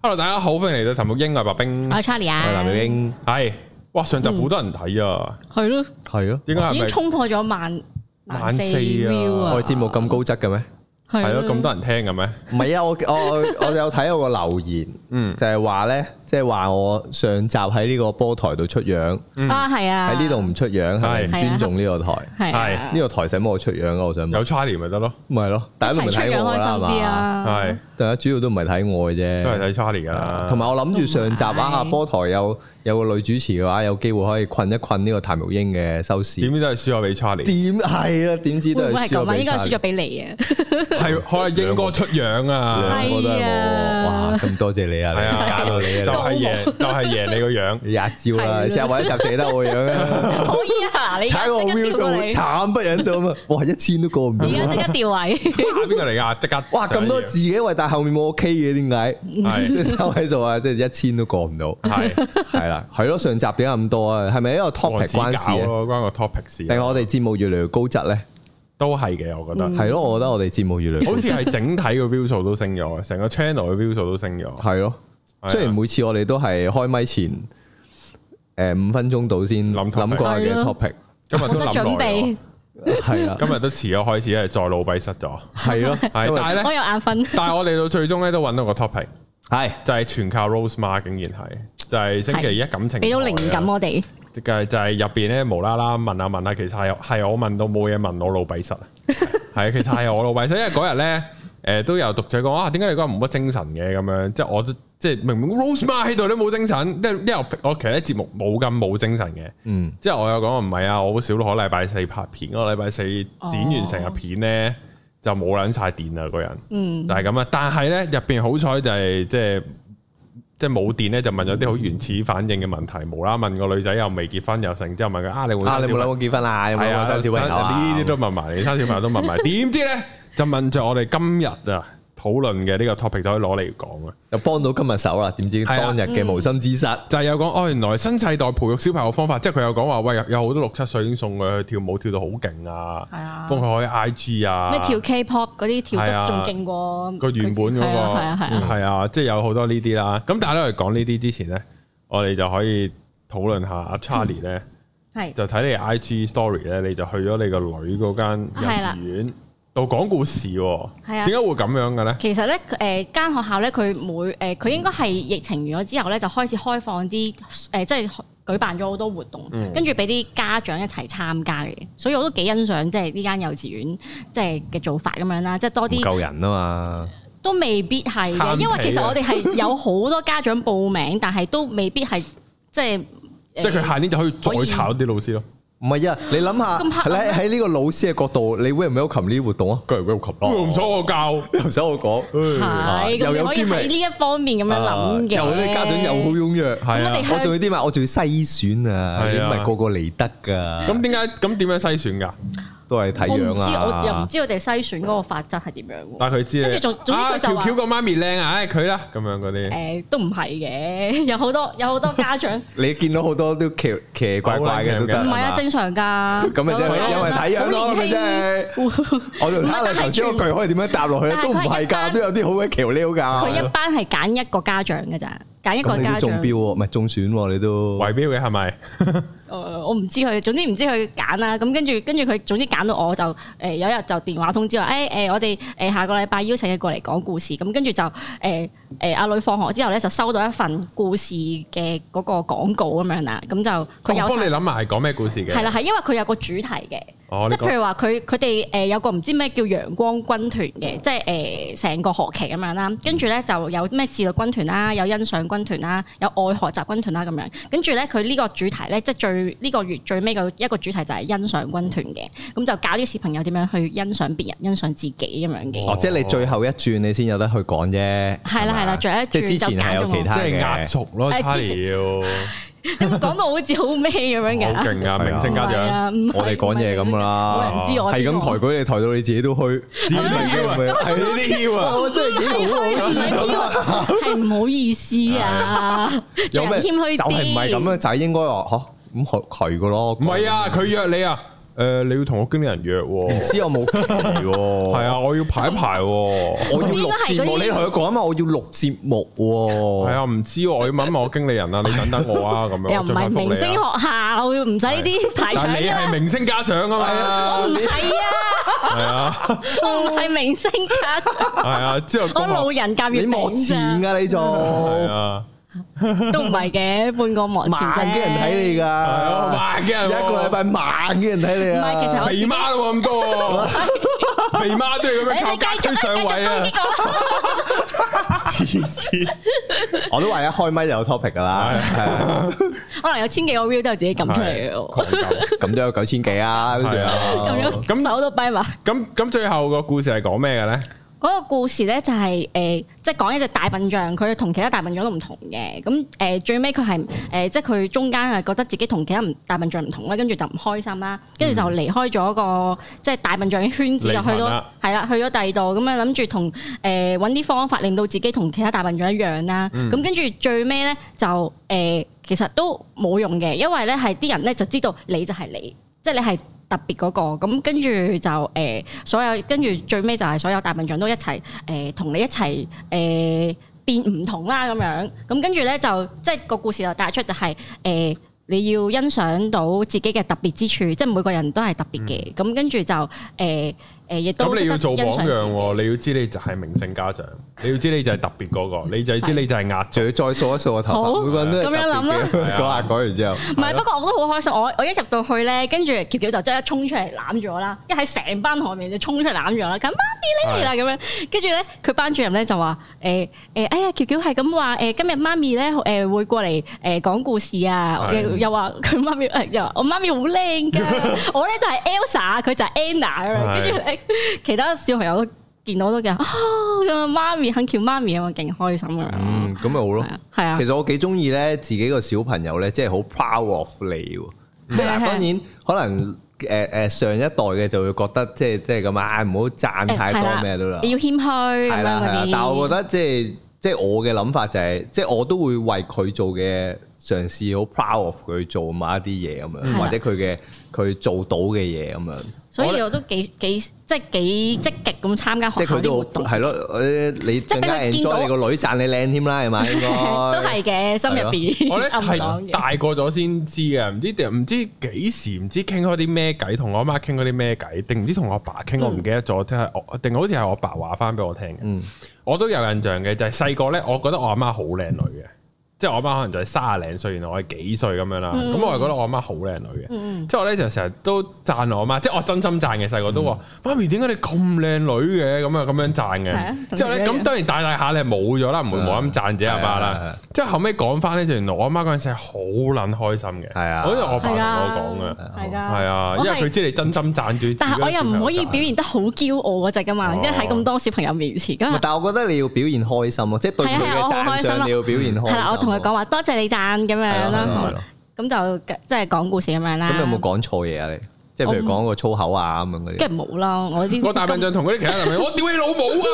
hello，大家好，歡迎嚟到談育鷹啊，白兵，係 Charlie 啊，談育鷹係，哇，上集好多人睇啊，係咯，係咯，點解已經衝破咗萬萬四啊？我哋節目咁高質嘅咩？係咯，咁多人聽嘅咩？唔係啊，我我我有睇我個留言，嗯，就係話咧，即係話我上集喺呢個波台度出樣，啊係啊，喺呢度唔出樣係尊重呢個台，係呢個台使乜我出樣咯，我想有 Charlie 咪得咯，咪咯，大家唔係睇我開心啲啊。係，大家主要都唔係睇我嘅啫，都係睇 Charlie 噶，同埋我諗住上集啊，波台有有個女主持嘅話，有機會可以困一困呢個譚玉英嘅收視，點都係輸咗俾 Charlie，點係啊，點知都係輸咗俾你啊。係可能英哥出樣啊，我覺得哇咁多謝你啊，係啊，揀到你啊！就係贏就係贏你個樣，一招啊！成日位集借得我個樣，可以啊，嗱你睇我 view 數慘不忍睹啊，哇一千都過唔到，而家即刻掉位，邊個嚟噶？即刻哇咁多字嘅喂，但係後面冇 OK 嘅點解？即係收喺度啊，即係一千都過唔到，係係啦，係咯上集點解咁多啊？係咪因為 topic 關事啊？關個 topic 事，定我哋節目越嚟越高質咧。都係嘅，我覺得係咯。我覺得我哋節目越嚟越好，好似係整體嘅 view 數都升咗，成個 channel 嘅 view 數都升咗。係咯，雖然每次我哋都係開咪前，誒五分鐘度先諗諗過嘅 topic，今日都諗耐，係啊，今日都遲咗開始，係再老闆失咗。係咯，係，但係咧，我有眼瞓。但係我哋到最終咧都揾到個 topic，係就係全靠 Rose 媽竟然係就係星期一感情俾到靈感我哋。就係就係入邊咧無啦啦問下問下，其實係係我問到冇嘢問，我老鼻實啊。係 其實係我老鼻實，因為嗰日咧誒都有讀者講啊，點解你嗰日冇乜精神嘅咁樣？即係我都即係明明 Rosema 喺度都冇精神，即係因為我其實啲節目冇咁冇精神嘅。嗯，即係我又講唔係啊，我好少可禮拜四拍片，個禮拜四剪完成日片咧、哦、就冇撚晒電啊。個人。嗯，就係咁啊。但係咧入邊好彩就係、是、即係。即係冇電咧，就問咗啲好原始反應嘅問題，嗯、無啦啦問個女仔又未結婚又，又成之後問佢啊，你會啊，你會唔會諗過結婚啦、啊？有冇生小朋友啊？呢啲、哎啊、都問埋，生小朋友都問埋，點 知咧就問着我哋今日啊！討論嘅呢個 topic 就可以攞嚟講啊，就幫到今日手啦。點知當日嘅無心之失、啊嗯，就係、係、有講哦，原來新世代培育小朋友方法，即係佢有講話，喂，有好多六七歲已經送佢去跳舞，跳到好勁啊，幫佢開 IG 啊，咩跳 K-pop 嗰啲跳得仲勁過個原本嗰、嗰個，係啊，係啊，係啊，即係、嗯啊就係、有好多呢啲啦。咁但係咧，講呢啲之前咧，我哋就可以討論下阿 Charlie 咧，係就睇你 IG story 咧，你就去咗你個女嗰間幼稚園。又講故事喎，係啊，點解、啊、會咁樣嘅咧？其實咧，誒、呃、間學校咧，佢每誒佢、呃、應該係疫情完咗之後咧，就開始開放啲誒、呃，即係舉辦咗好多活動，跟住俾啲家長一齊參加嘅。所以我都幾欣賞即係呢間幼稚園即係嘅做法咁樣啦，即係多啲救人啊嘛，都未必係嘅，因為其實我哋係有好多家長報名， 但係都未必係即係、呃、即係佢下年就可以再炒啲老師咯。唔係啊！你諗下，喺喺呢個老師嘅角度，你會唔會歡迎呢啲活動啊？佢又會唔會歡迎？唔使我教，又唔使我講，又有啲喎。喺呢一方面咁樣諗嘅，有啲家長又好踴躍。我係我仲要啲乜？我仲要篩選啊！唔係的個個嚟得噶。咁點解？咁點樣篩選噶？都係睇樣啊！我又唔知我哋篩選嗰個法則係點樣喎。但係佢知，跟住總總之佢就話：橋橋個媽咪靚啊！唉，佢啦咁樣嗰啲。誒，都唔係嘅，有好多有好多家長。你見到好多都奇奇怪怪嘅都得，唔係啊，正常噶。咁咪即係有咪睇樣咯？即係我就睇下頭先個句可以點樣搭落去都唔係噶，都有啲好鬼橋 l e 噶。佢一班係揀一個家長嘅咋。揀一個家長、嗯、中標唔係中選，你都圍標嘅係咪？我唔知佢，總之唔知佢揀啦。咁跟住跟住佢，總之揀到我就誒、呃、有一日就電話通知話，誒誒，我哋誒下個禮拜邀請你過嚟講故事。咁跟住就誒誒阿女放學之後咧就收到一份故事嘅嗰個廣告咁樣啦。咁就佢有、哦、幫你諗埋講咩故事嘅係啦，係因為佢有個主題嘅，哦、即係譬如話佢佢哋誒有個唔知咩叫陽光軍團嘅，即係誒成個學期咁樣啦。跟住咧就有咩自律軍團啦，有欣賞。軍團啦，有愛學習軍團啦，咁樣跟住咧，佢呢個主題咧，即係最呢、這個月最尾個一個主題就係欣賞軍團嘅，咁就教啲小朋友點樣去欣賞別人、欣賞自己咁樣嘅。哦，哦，即係你最後一轉，你先有得去講啫。係啦係啦，最後一轉之前係有其他即係壓軸咯， 講到好似好咩咁樣嘅，好勁啊！明星家長，我哋講嘢咁噶啦，唔知係咁抬舉你，抬到你自己都虛，知唔知啊？係呢啲啊，我真係好唔好意思啊，有咩謙虛就係唔係咁樣，就係應該話，吓咁係係噶咯，唔係啊，佢約你啊。誒，你要同我經理人約？唔知我冇？係啊，我要排一排。我要錄節目，你同佢講啊嘛，我要錄節目。係啊，唔知，我要問埋我經理人啊，你等等我啊，咁樣。又唔係明星學校，唔使呢啲排場。你係明星家長啊嘛？我唔係啊。係啊，我唔係明星家長。係啊，之後都冇人家你冇錢噶，你做。係啊。都唔係嘅，半個幕前啫。萬幾人睇你噶，萬幾人一個禮拜萬幾人睇你。唔係，其實我自己肥媽都咁多，肥媽都要咁樣靠隔籬上位啊！黐線，我都話一開咪就有 topic 噶啦。可能有千幾個 view 都係自己撳出嚟嘅，咁都有九千幾啊。跟住啊，咁手都跛埋？咁咁最後個故事係講咩嘅咧？嗰個故事咧就係、是、誒，即係講一隻大笨象，佢同其他大笨象都唔同嘅。咁、呃、誒最尾佢係誒，即係佢中間係覺得自己同其他唔大笨象唔同啦，跟住就唔開心啦，跟住就離開咗個即係、就是、大笨象嘅圈子，就、啊、去到係啦，去咗第二度咁樣，諗住同誒搵啲方法令到自己同其他大笨象一樣啦。咁跟住最尾咧就誒、呃，其實都冇用嘅，因為咧係啲人咧就知道你就係你，即係你係，特別嗰，那個咁，跟住就誒、呃、所有，跟住最尾就係所有大笨象都一齊誒同你一齊誒、呃、變唔同啦咁樣，咁跟住咧就即係個故事就帶出就係、是、誒、呃、你要欣賞到自己嘅特別之處，即係每個人都係特別嘅，咁、嗯、跟住就誒。呃咁你要做榜樣喎，你要知你就係明星家長，你要知你就係特別嗰個，你就知你就係壓住，再掃一掃個頭髮。好，咁樣諗咯。講下講完之後，唔係不過我都好開心，我我一入到去咧，跟住喬喬就即刻沖出嚟攬住我啦，一喺成班同學面就沖出嚟攬住我啦，咁媽咪嚟啦咁樣，跟住咧佢班主任咧就話誒誒哎呀喬喬係咁話誒今日媽咪咧誒會過嚟誒講故事啊，又話佢媽咪誒又我媽咪好靚㗎，我咧就係 Elsa，佢就係 Anna 咁樣，跟住咧。 其他小朋友都見到都嘅，啊咁媽咪肯叫媽咪啊嘛，勁開心咁樣。嗯，咁咪好咯，係啊。其實我幾中意咧，自己個小朋友咧，即係好 powerful 嚟。即係、啊、當然，可能誒誒、呃呃，上一代嘅就會覺得，即係即係咁啊，唔好讚太多咩啦。你要謙虛。係啦係啦，但係我覺得即係即係我嘅諗法就係、是，即、就、係、是、我都會為佢做嘅。嘗試好 proud of 佢做某一啲嘢咁樣，嗯、或者佢嘅佢做到嘅嘢咁樣。所以我，我，的我都幾幾即係幾積極咁參加學校啲活動。係咯，你即係俾佢見到你個女讚你靚添啦，係咪、啊？都係嘅心入邊、嗯。我大個咗先知啊，唔 知唔知幾時，唔知傾開啲咩偈，同、嗯、我阿媽傾開啲咩偈，定唔知同我阿爸傾，我唔記得咗，即係我定好似係我爸話翻俾我聽、嗯、我都有印象嘅，就係細個咧，我覺得我阿媽好靚女嘅。即係我媽可能就係卅零歲，原來我係幾歲咁樣啦。咁我係覺得我媽好靚女嘅。即係我咧就成日都讚我媽，即係我真心讚嘅。細個都話：媽咪點解你咁靚女嘅？咁啊咁樣讚嘅。之後咧咁當然大大下你冇咗啦，唔會冇咁讚啫阿媽啦。即係後尾講翻咧，就原來我阿媽嗰陣時係好撚開心嘅。係啊，因我爸同我講嘅，係啊，因為佢知你真心讚佢。但係我又唔可以表現得好驕傲嗰隻㗎嘛，即係喺咁多小朋友面前。但係我覺得你要表現開心咯，即係對佢嘅讚賞，你要表現開心。同佢講話，多謝你讚咁樣啦，咁就即係講故事咁樣啦。咁有冇講錯嘢啊？你即係譬如講個粗口啊咁樣嗰啲，即係冇咯。我知個大笨象同嗰啲其他男朋友，我屌你老母啊！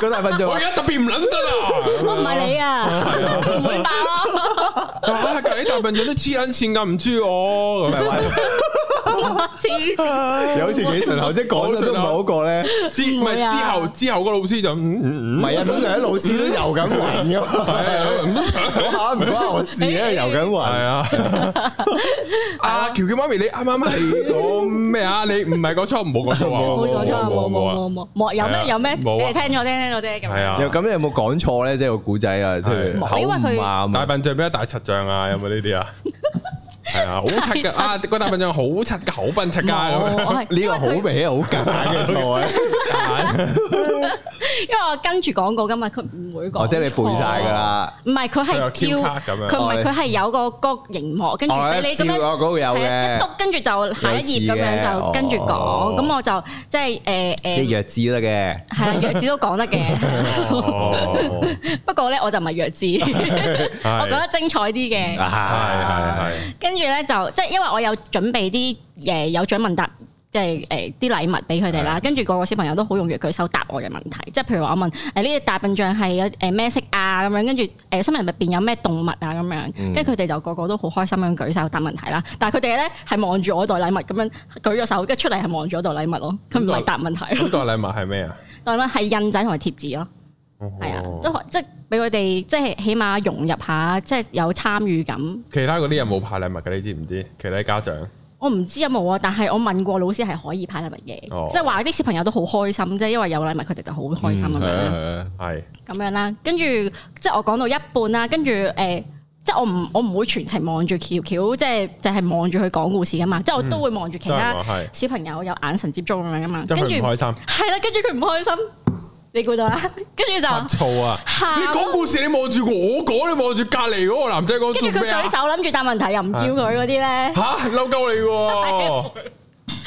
個大笨象，我而家特別唔撚得啊！唔係你啊，唔會吧？啊！嗰啲大笨象都黐銀線㗎，唔知我咁樣。次有又好似幾順口，即係講到都唔係嗰個咧，之唔係之後之後個老師就唔唔唔，係啊，通常啲老師都游緊魂㗎嘛，唔關唔關我事咧，游緊魂係啊。阿喬喬媽咪，你啱啱係講咩啊？你唔係講錯，唔好講錯，唔好講錯，冇冇冇冇冇，有咩有咩？你聽咗聽咗啫，係啊、okay。咁你有冇講錯咧？即、就、係、是、個古仔啊？因為佢大笨象變咗大七象啊，呀有冇呢啲啊？係 啊，好七噶啊！個大笨象好七噶，好笨七噶咁，呢 他 個好味，好假嘅，各因為我跟住講過噶嘛，佢唔會講。哦，即係你背晒噶啦。唔係，佢係叫佢，唔係，佢係有個個熒幕，跟住你咁樣。我嗰個一篤，跟住就下一頁咁樣，就跟住講，咁我就即係誒誒。弱智得嘅。係啦，弱智都講得嘅。不過咧，我就唔係弱智，我覺得精彩啲嘅。係係係。跟住咧就即係因為我有準備啲誒有獎問答。即係誒啲禮物俾佢哋啦，跟住個個小朋友都好容易舉手答我嘅問題，即係譬如話我問誒呢隻大笨象係誒咩色啊咁樣，跟住誒森林入邊有咩動物啊咁樣，跟住佢哋就個個都好開心咁舉手答問題啦。但係佢哋咧係望住我袋禮物咁樣舉咗手，跟住出嚟係望住我袋禮物咯，佢唔係答問題咯。個禮物係咩啊？個禮物係印仔同埋貼紙咯，係啊、哦哦，都即係俾佢哋即係起碼融入下，即係有參與感。其他嗰啲人冇派禮物嘅，你知唔知？其他家長。我唔知有冇啊，但係我問過老師係可以派禮物嘅，即係話啲小朋友都好開心即係，因為有禮物佢哋就好開心咁樣，係咁樣啦。跟住即係我講到一半啦，跟住誒，即係我唔我唔會全程望住喬喬，即係就係望住佢講故事噶嘛，即係我都會望住其他小朋友有眼神接觸咁樣噶嘛。跟住唔開心，係啦，跟住佢唔開心。你估到啦？跟 住就嘈啊！走你講故事，你望住我講，你望住隔籬嗰個男仔講，跟住佢舉手諗住答問題，又唔叫佢嗰啲咧，吓嬲鳩你喎！啊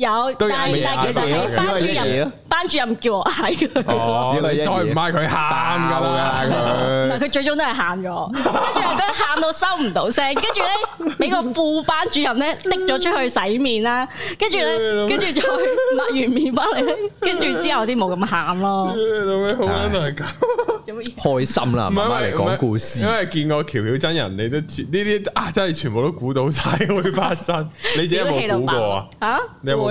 有，但但其實係班主任，班主任叫我嗌佢，再唔嗌佢喊噶啦。佢最終都係喊咗，跟住佢喊到收唔到聲，跟住咧，俾個副班主任咧拎咗出去洗面啦，跟住咧，跟住再抹完面翻嚟，跟住之後先冇咁喊咯。開心啦，媽媽嚟講故事，因為見過喬喬真人，你都呢啲啊真係全部都估到晒會發生，你自己有冇估過啊？吓，你有冇？我覺得會係、哦、啊，我覺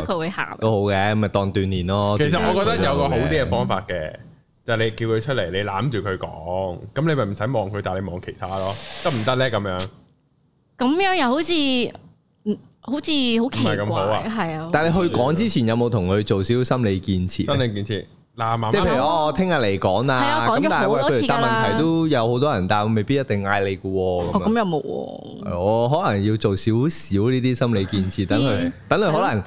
得佢會喊。都好嘅，咪當鍛煉咯。其實我覺得有個好啲嘅方法嘅，嗯、就係你叫佢出嚟，你攬住佢講，咁你咪唔使望佢，但係你望其他咯，得唔得咧？咁樣咁樣又好似，好似好奇怪，係啊。啊但係你去講之前有冇同佢做少少心理建設？心理建設。即係譬如我聽日嚟講啊，咁、嗯、但係是佢答問題都有好多人，答，係未必一定嗌你㗎。哦，咁又冇。我可能要做少少呢啲心理建設，等佢，嗯、等佢可能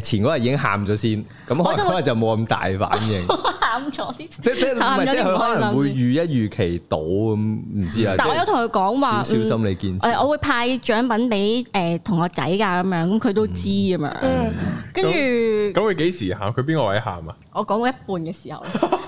誒前嗰日已經喊咗先，咁、嗯、可能就冇咁大反應。 咗啲， 即係了不即係，佢可能會預一預期到咁，唔、嗯、知啊。但係我有同佢講話，小心你見，誒、嗯嗯哎，我會派獎品俾誒、呃、同學仔噶咁樣，咁佢都知咁樣，跟住、嗯。咁佢幾時喊？佢邊個位喊啊？我講到一半嘅時候。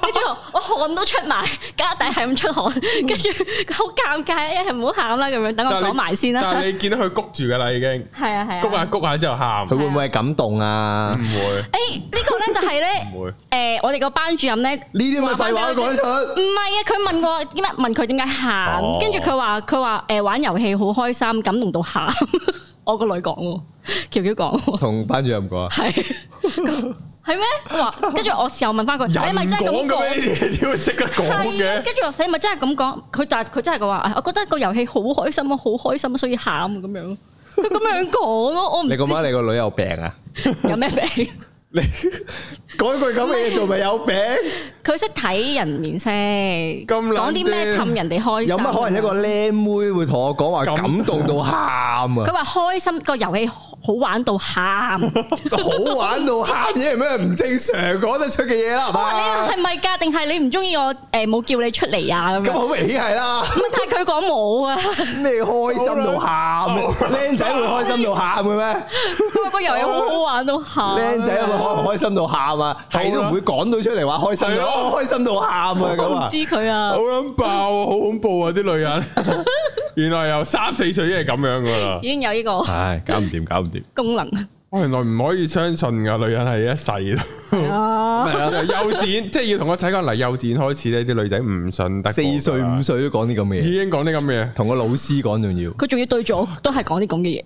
汗都出埋，家底係咁出汗，跟住好尷尬，一係唔好喊啦，咁樣等我講埋先啦。但係你見到佢谷住噶啦，已經係啊係啊，谷下谷下之後喊，佢會唔會係感動啊？唔會。誒，呢個咧就係咧，唔會。誒，我哋個班主任咧呢啲咪廢話都講得出？唔係啊，佢問過點解，問佢點解喊？跟住佢話佢話誒，玩遊戲好開心，感動到喊。我個女講，喬喬講，同班主任講啊，係。係咩？我話跟住我事後問翻佢，你咪真係咁講呢啲嘢，點會識得講嘅？跟住你咪真係咁講，佢但係佢真係講話，我覺得個遊戲好開心啊，好開心，所以喊咁樣。佢咁樣講咯，我你今晚你個女有病啊？有咩病？你講一句咁嘅嘢做咪有病？佢識睇人面色，講啲咩氹人哋開心？有乜可能一個靚妹會同我講話感動到喊啊？佢話開心個遊戲。好玩到喊，好玩到喊嘢，係咩唔正常講得出嘅嘢啦係嘛？係咪噶？定係你唔中意我誒冇叫你出嚟啊咁樣？咁好明顯係啦。唔但係佢講冇啊。咩開心到喊？僆仔會開心到喊嘅咩？佢話個遊戲好好玩到喊。僆仔咪開唔開心到喊啊！係都唔會講到出嚟話開心，開心到喊啊！咁唔知佢啊，好想爆啊，好恐怖啊！啲女人原來由三四歲已經係咁樣噶啦，已經有呢個，唉，搞唔掂，搞唔。功能，我原來唔可以相信噶，女人係一世咯。幼稚園即係要同個仔個嚟，幼稚園開始咧，啲女仔唔信得。四歲五歲都講啲咁嘅嘢，已經講啲咁嘅，同個老師講仲要，佢仲要對住都係講啲咁嘅嘢。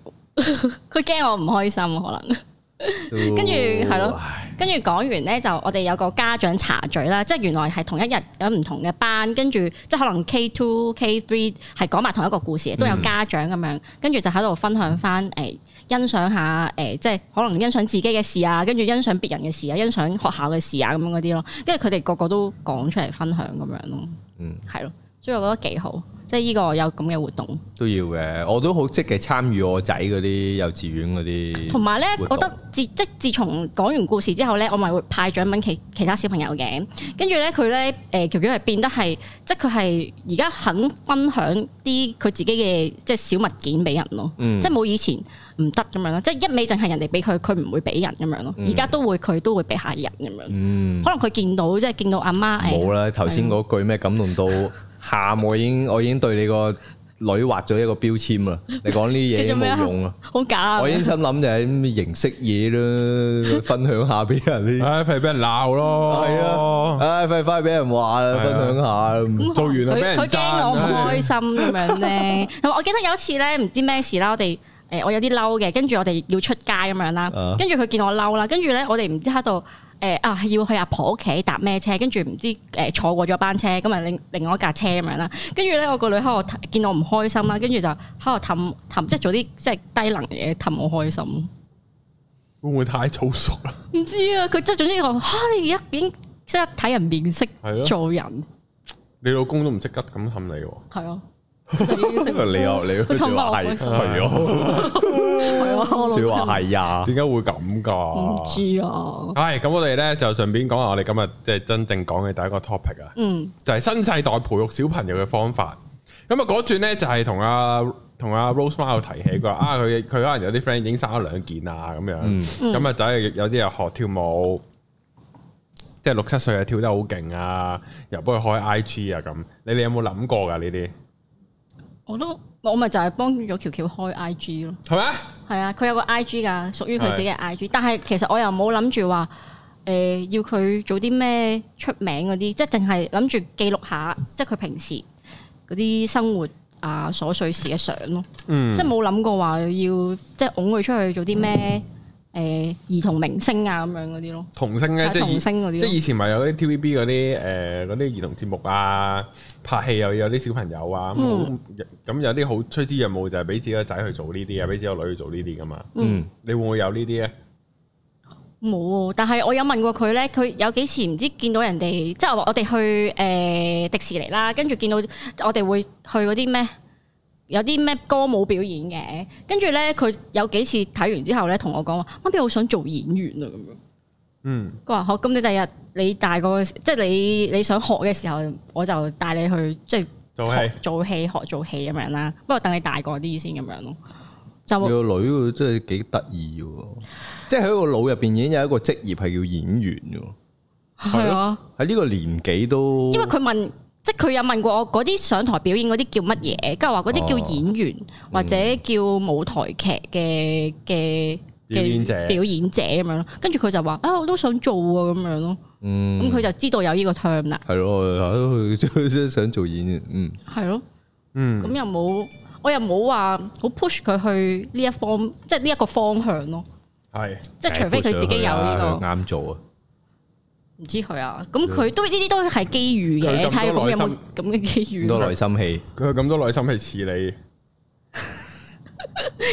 佢驚我唔開心可能，跟住係咯，跟住講完咧就我哋有個家長茶聚啦，即係原來係同一日有唔同嘅班，跟住即係可能 K two K three 係講埋同一個故事，都有家長咁樣，跟住就喺度分享翻誒。欣賞下誒，即係可能欣賞自己嘅事啊，跟住欣賞別人嘅事啊，欣賞學校嘅事啊，咁嗰啲咯，跟住佢哋個個都講出嚟分享咁樣咯，嗯，係咯。所以我覺得幾好，即係呢個有咁嘅活動都要嘅。我都好積極參與我仔嗰啲幼稚園嗰啲。同埋咧，我覺得自即自從講完故事之後咧，我咪會派獎品其其他小朋友嘅。跟住咧，佢咧誒，喬喬係變得係即係佢係而家肯分享啲佢自己嘅即係小物件俾人咯，嗯。即係冇以前唔得咁樣咯。即係一味淨係人哋俾佢，佢唔會俾人咁樣咯。而家都會佢都會俾下人咁樣。可能佢見到即係見到阿媽冇啦。頭先嗰句咩感動到？ 喊我已經我已經對你個女畫咗一個標籤啦，你講呢啲嘢冇用啊，好假！我已經心諗就係形式嘢啦，分享下俾人啲，唉，費俾人鬧咯，係啊，唉，快快俾人話，分享下，做完啊，佢驚我，唔開心咁樣咧。我我記得有一次咧，唔知咩事啦，我哋誒，我有啲嬲嘅，跟住我哋要出街咁樣啦，跟住佢見我嬲啦，跟住咧我哋唔知喺度。誒啊、呃！要去阿婆屋企搭咩車？跟住唔知誒、呃、坐過咗班車，咁啊另另外一架車咁樣啦。跟住咧，我個女喺度見我唔開心啦，跟住、嗯、就喺度氹氹，即係做啲即係低能嘢氹我開心。會唔會太早熟啦？唔知啊，佢即係總之我嚇、啊、你而家已經即係睇人面色做人，你老公都唔識得咁氹你喎。係啊。.你又 你又係 是 啊？佢話係啊？點解會咁噶？唔知啊！唉、哎，咁我哋咧就順便講下我哋今日即係真正講嘅第一個 topic 啊。嗯，就係新世代培育小朋友嘅方法。咁啊嗰轉咧就係同阿同阿 Rosemary 提起過啊，佢佢可能有啲 friend 已經生咗兩件啊，咁樣，咁啊仔有啲又學跳舞，即係六七歲又跳得好勁啊，又幫佢開 IG 啊咁。你哋有冇諗過噶呢啲？我都我咪就係幫咗喬喬開 I G 咯，係咪啊？係啊，佢有個 I G 噶，屬於佢自己嘅 I G。但係其實我又冇諗住話，誒、呃、要佢做啲咩出名嗰啲，即係淨係諗住記錄下，即係佢平時嗰啲生活啊、瑣碎事嘅相咯。嗯即，即係冇諗過話要即係㧬佢出去做啲咩。嗯誒，兒童明星啊，咁樣嗰啲咯，童星咧，即係童星嗰啲，即係以前咪有啲 TVB 嗰啲誒嗰啲兒童節目啊，拍戲又有啲小朋友啊，咁咁有啲好催資任務就係俾自己個仔去做呢啲啊，俾自己個女去做呢啲噶嘛。嗯，你會唔會有呢啲咧？冇，但係我有問過佢咧，佢有幾次唔知見到人哋，即係我我哋去誒迪士尼啦，跟住見到我哋會去嗰啲咩？有啲咩歌舞表演嘅，跟住咧佢有幾次睇完之後咧，同我講話：媽咪好想做演員啊！咁樣，嗯，佢話好，咁你第日你大個，即係你你想學嘅時候，我就帶你去即係做戲、做戲學做戲咁樣啦。不過等你大個啲先咁樣咯。就個女真係幾得意嘅，即係喺個腦入邊已經有一個職業係叫演員嘅。係啊，喺呢個年紀都因為佢問。即係佢有問過我嗰啲上台表演嗰啲叫乜嘢，即係話嗰啲叫演員、哦、嗯、或者叫舞台劇嘅嘅嘅表演者，表演者，咁樣咯。跟住佢就話啊，我都想做啊，咁樣咯。嗯，咁佢就知道有呢個 term 啦。係咯，都去即係想做演員。嗯，係咯的，嗯，咁又冇，我又冇話好 push 佢去呢一方，即係呢一個方向咯。係，即係除非佢自己有呢個啱做啊。唔知佢啊，咁佢都呢啲都係機遇嘅，你睇下咁有冇咁嘅機遇。咁多內心戲，佢有咁多內心戲似你，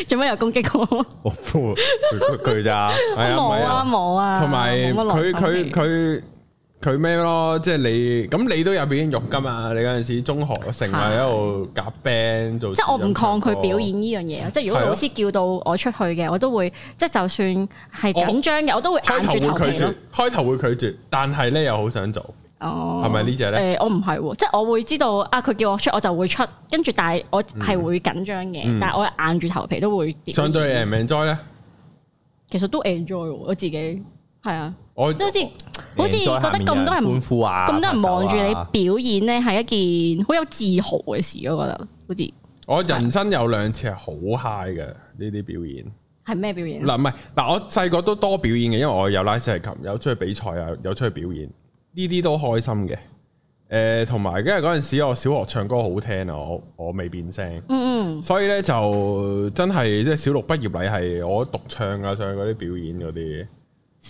做咩又攻擊我？我佢佢就係啊冇啊冇啊，同埋佢佢佢。佢咩咯？即係你咁，你都有表演欲噶嘛？你嗰陣時中學成日喺度夾 band 做，即係我唔抗拒表演呢樣嘢咯。即係如果老師叫到我出去嘅，我都會即係就算係緊張嘅，我都會。開頭會拒絕，開頭會拒絕，但係咧又好想做。哦，係咪呢隻咧？誒，我唔係，即係我會知道啊！佢叫我出，我就會出。跟住，但係我係會緊張嘅，但係我硬住頭皮都會。相對 enjoy 咧，其實都 enjoy 我自己，係啊。我都好似好似覺得咁多人歡呼啊，咁多人望住你表演咧，係一件好有自豪嘅事。我覺得好似我人生有兩次係好 high 嘅呢啲表演。係咩表演？嗱、啊，唔係嗱，我細個都多表演嘅，因為我有拉小提琴，有出去比賽啊，有出去表演，呢啲都開心嘅。誒、呃，同埋因為嗰陣時我小學唱歌好聽啊，我我未變聲，嗯嗯，所以咧就真係即係小六畢業禮係我獨唱啊，上嗰啲表演嗰啲。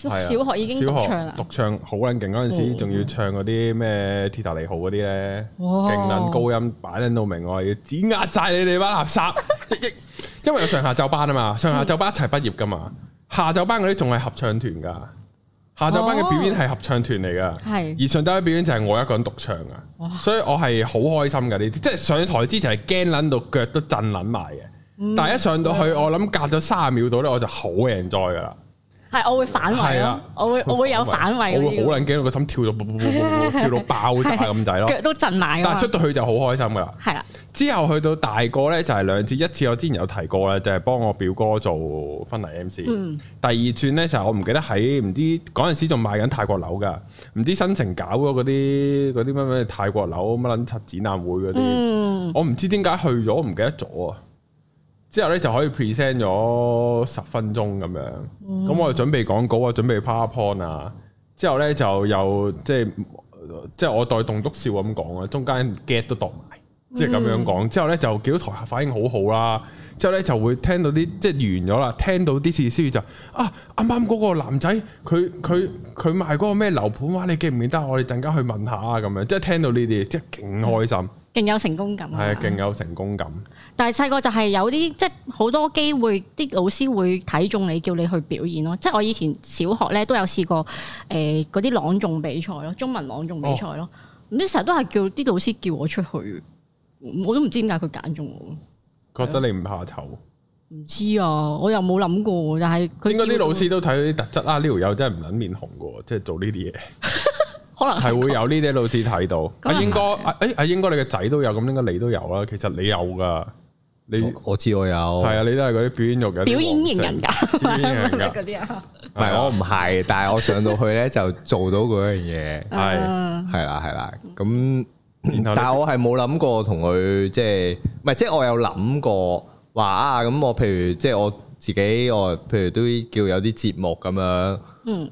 對小學已經獨唱啦，獨唱好撚勁嗰陣時，仲要唱嗰啲咩《鐵達尼號》嗰啲咧，勁撚哇高音，擺撚到明我話要指壓晒你哋班垃圾。 因為有上下晝班啊嘛，上下晝班一齊畢業噶嘛，下晝班嗰啲仲係合唱團噶，下晝班嘅表演係合唱團嚟噶，哦、而上晝班表演就係我一個人獨唱啊，哇所以我係好開心噶呢啲，即係上台之前係驚撚到腳都震撚埋嘅，嗯、但係一上到去，哇我諗隔咗卅秒度咧，我就好 enjoy 噶啦。係，我會反胃咯。的我會，會我會有反胃。這個，我會好撚驚，個心跳到噗噗噗噗噗噗噗，跳到爆炸咁滯咯。的樣腳都震埋。但係出到去就好開心噶。係啦的。之後去到大個咧，就係兩次。一次我之前有提過咧，就係幫我表哥做婚禮 M C。第二轉咧就係我唔記得喺唔知嗰陣時仲賣緊泰國樓噶，唔知新城搞咗嗰啲嗰啲乜乜泰國樓乜撚七展覽會嗰啲。嗯、我唔知點解去咗，唔記得咗啊！之後咧就可以 present 咗十分鐘咁，嗯、樣，咁我就準備講稿啊，準備 powerpoint 啊。之後咧就又即係即係我代棟篤笑咁講啊，中間 get 都度埋，即係咁樣講。嗯、之後咧就見到台下反應好好啦。之後咧就會聽到啲即係完咗啦，聽到啲事事就啊啱啱嗰個男仔佢佢佢賣嗰個咩樓盤話，你記唔記得？我哋陣間去問下啊咁樣。即係聽到呢啲，即係勁開心。嗯勁有成功感，係勁有成功感。但係細個就係有啲即係好多機會，啲老師會睇中你，叫你去表演咯。即係我以前小學咧都有試過誒，嗰啲朗誦比賽咯，中文朗誦比賽咯。咁啲時候都係叫啲老師叫我出去，我都唔知點解佢揀中我。覺得你唔怕醜，唔知啊，我又冇諗過。但係應該啲老師都睇佢啲特質啦。呢條友真係唔捻面紅噶，即係做呢啲嘢。 可能係會有呢啲，老師睇到。阿鷹哥，誒，阿鷹哥，你嘅仔都有，咁應該你都有啦。其實你有噶，你我知我有，係啊，你都係嗰啲表演肉嘅，表演型人噶，表演型人噶嗰啲啊。唔係我唔係，但係我上到去咧就做到嗰樣嘢，係係啦係啦。咁但係我係冇諗過同佢，即係唔係即係我有諗過話啊。咁我譬如即係我自己，我譬如都叫有啲節目咁樣。嗯，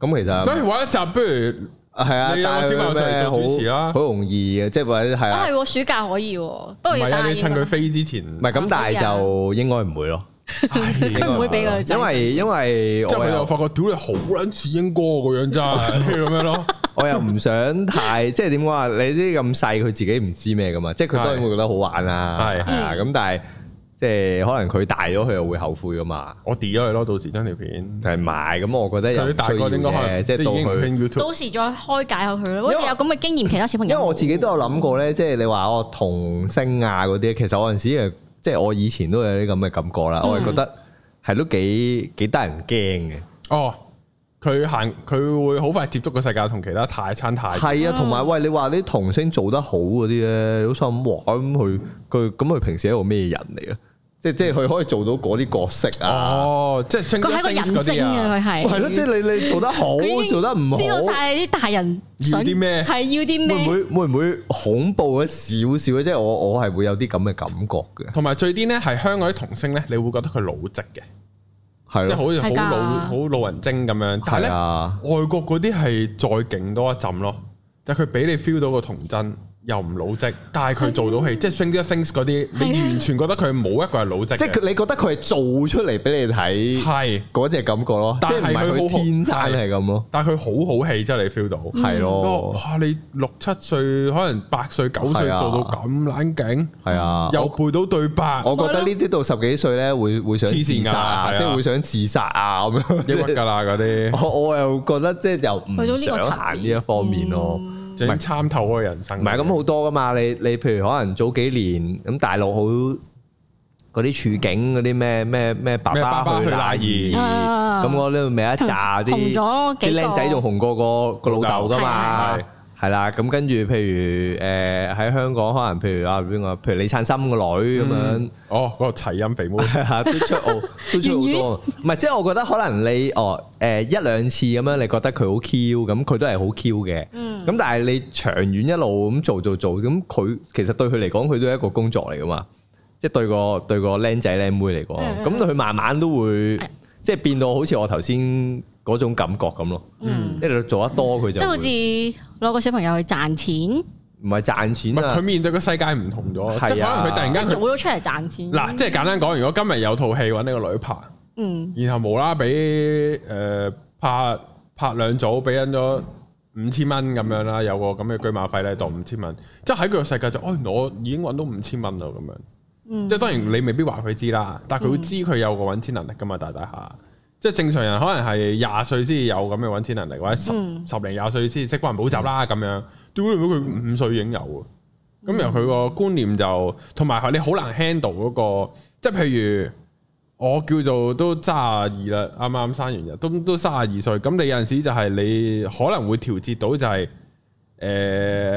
咁其實不如玩一集，不如。係啊，帶啲咩好容易啊，即係話係啊，係暑假可以，不過要趁佢飛之前，唔係咁大就應該唔會咯，唔會俾佢，因為因為即係我發覺屌你好撚似英哥個樣真係咁樣咯，我又唔想太，即係點講啊？你啲咁細佢自己唔知咩㗎嘛，即係佢當然會覺得好玩啦，係係啊，咁但係。即係可能佢大咗，佢又會後悔噶嘛。我 delete 咗佢咯，到時將條片就係賣。咁我覺得有啲大需要嘅，即係到佢他到時再開解下佢咯。因為有咁嘅經驗，其他小朋友。因為我自己都有諗過咧，即係你話我童星啊嗰啲，其實我陣時即係我以前都有啲咁嘅感覺啦。嗯、我係覺得係都幾幾得人驚嘅。哦，佢行佢會好快接觸個世界，同其他太餐太係啊。同埋、嗯、喂，你話啲童星做得好嗰啲咧，好想玩咁佢，佢咁佢平時係一個咩人嚟嘅？即即佢可以做到嗰啲角色啊！哦，即係佢係個人精啊，佢係係咯，即係你你做得好，做得唔好，知道晒啲大人想啲咩，係要啲咩？會唔會會唔會恐怖咗少少？即係我我係會有啲咁嘅感覺嘅。同埋最啲咧係香港啲童星咧，你會覺得佢老直嘅，係即係好似好老好老人精咁樣。但係咧外國嗰啲係再勁多一陣咯，但係佢俾你 feel 到個童真。又唔老職，但係佢做到戲，即係 sing things 嗰啲，你完全覺得佢冇一個係老職，即係你覺得佢係做出嚟俾你睇，係嗰隻感覺咯。即係唔係佢天生係咁咯？但係佢好好戲，真係 feel 到，係咯。哇！你六七歲，可能八歲、九歲做到咁冷勁，係啊，又背到對白。我覺得呢啲到十幾歲咧，會會想黐線㗎，即係會想自殺啊咁樣，啲乜噶啦嗰啲。我我又覺得即係又唔想行呢一方面咯。唔係參透個，人生，唔係咁好多㗎嘛？你你，譬如可能早幾年咁，大陸好嗰啲處境嗰啲，咩咩咩爸爸去哪兒，咁我呢度咪一紮啲啲靚仔仲紅過個個老豆㗎嘛？係啦，咁跟住，譬如誒喺、呃、香港，可能譬如啊邊個，譬如李燦森個女咁、嗯、樣。哦，嗰、那個齊音肥妹 都出奧，都出好多。唔係語，即係我覺得可能你哦誒、呃、一兩次咁樣，你覺得佢好 Q，咁佢都係好 Q 嘅。嗯。咁但係你長遠一路咁做做做，咁佢其實對佢嚟講，佢都係一個工作嚟㗎嘛。即係對個對個僆仔僆妹嚟講，咁佢、嗯嗯嗯、慢慢都會即係變到好似我頭先。嗰種感覺咁咯，即係你做得多佢就即係、嗯、好似攞個小朋友去賺錢，唔係賺錢、啊，佢面對個世界唔同咗，啊、即可能佢突然間做咗出嚟賺錢。嗱，即係簡單講，如果今日有套戲搵呢個女拍，嗯，然後無啦比誒拍拍兩組，俾咗五千蚊咁樣啦，有個咁嘅居馬費咧，當五千蚊，即係喺佢個世界就，哎、哦，我已經搵到五千蚊啦，咁樣，嗯、即係當然你未必話佢知啦，但係佢會知佢有個搵錢能力噶嘛，大大下。即係正常人可能係廿歲先有咁嘅揾錢能力，或者十十零廿歲先識幫人補習啦咁樣，點會佢五歲已經有？咁由佢個觀念就同埋係你好難 handle 嗰，那個，即係譬如我叫做都卅二啦，啱啱生完日都都卅二歲，咁你有陣時就係你可能會調節到就係、是、誒、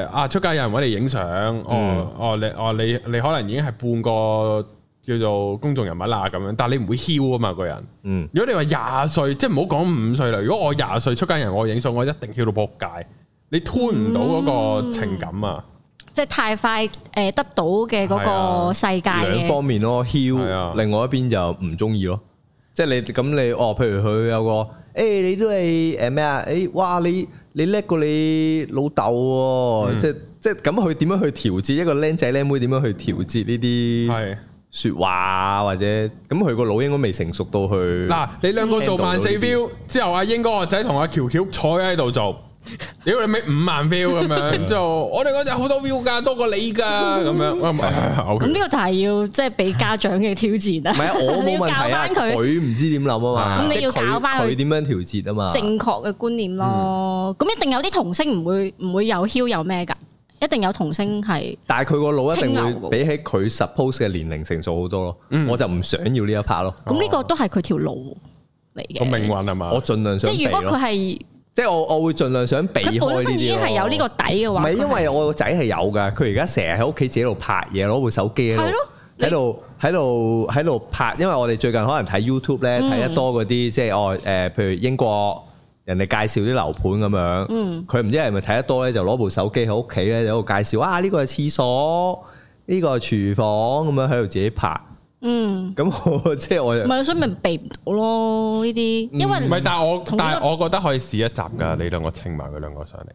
呃、啊出街有人揾你影相，哦、嗯、哦你哦你你可能已經係半個。叫做公眾人物啦咁樣，但係你唔會囂啊嘛，個人。嗯，如果你話廿歲，即係唔好講五歲啦。如果我廿歲出街人，我影相，我一定囂到撲街。你吞唔到嗰個情感啊，嗯、即係太快誒得到嘅嗰個世界、啊。兩方面咯，囂，是啊、另外一邊就唔中意咯。即係你咁你哦，譬如佢有個誒、欸，你都係誒咩啊？誒、呃，哇，你你叻過你老豆喎、嗯！即係即係咁，佢點樣去調節一個僆仔僆妹？點樣去調節呢啲係？說話或者咁佢個腦應該未成熟到去。嗱、啊，你兩個做萬四 view 之後，阿英哥個仔同阿喬喬坐喺度做，屌 你咩五萬 view 咁 樣做，就 我哋嗰陣好多 view 噶多過你噶咁樣。咁呢個就係要即係俾家長嘅挑戰啊！唔係 我教翻佢，佢唔知點諗啊嘛。咁你要教翻佢點樣調節啊嘛？嗎正確嘅觀念咯，咁、嗯、一定有啲童星唔會唔會有囂有咩噶。一定有童星係，但係佢個腦一定會比起佢 suppose 嘅年齡成熟好多咯。我就唔想要呢一 part 咯。咁呢個都係佢條路嚟嘅，個命運係嘛？我盡量想，即係如果佢係，即係我我會盡量想避開呢啲。佢本身已經係有呢個底嘅話，唔係因為我個仔係有嘅，佢而家成日喺屋企自己度拍嘢，攞部手機喺度，喺度，喺度，喺度拍。因為我哋最近可能睇 YouTube 咧，睇得多嗰啲，即係我，誒，譬如英國。人哋介紹啲樓盤咁樣，佢唔知係咪睇得多咧，就攞部手機喺屋企咧有個介紹，啊，呢個係廁所，呢個係廚房咁樣喺度自己拍。嗯，咁我即係我唔係，所以咪避唔到咯呢啲，因為唔係，但係我但係我覺得可以試一集噶，你等我請埋佢兩個上嚟，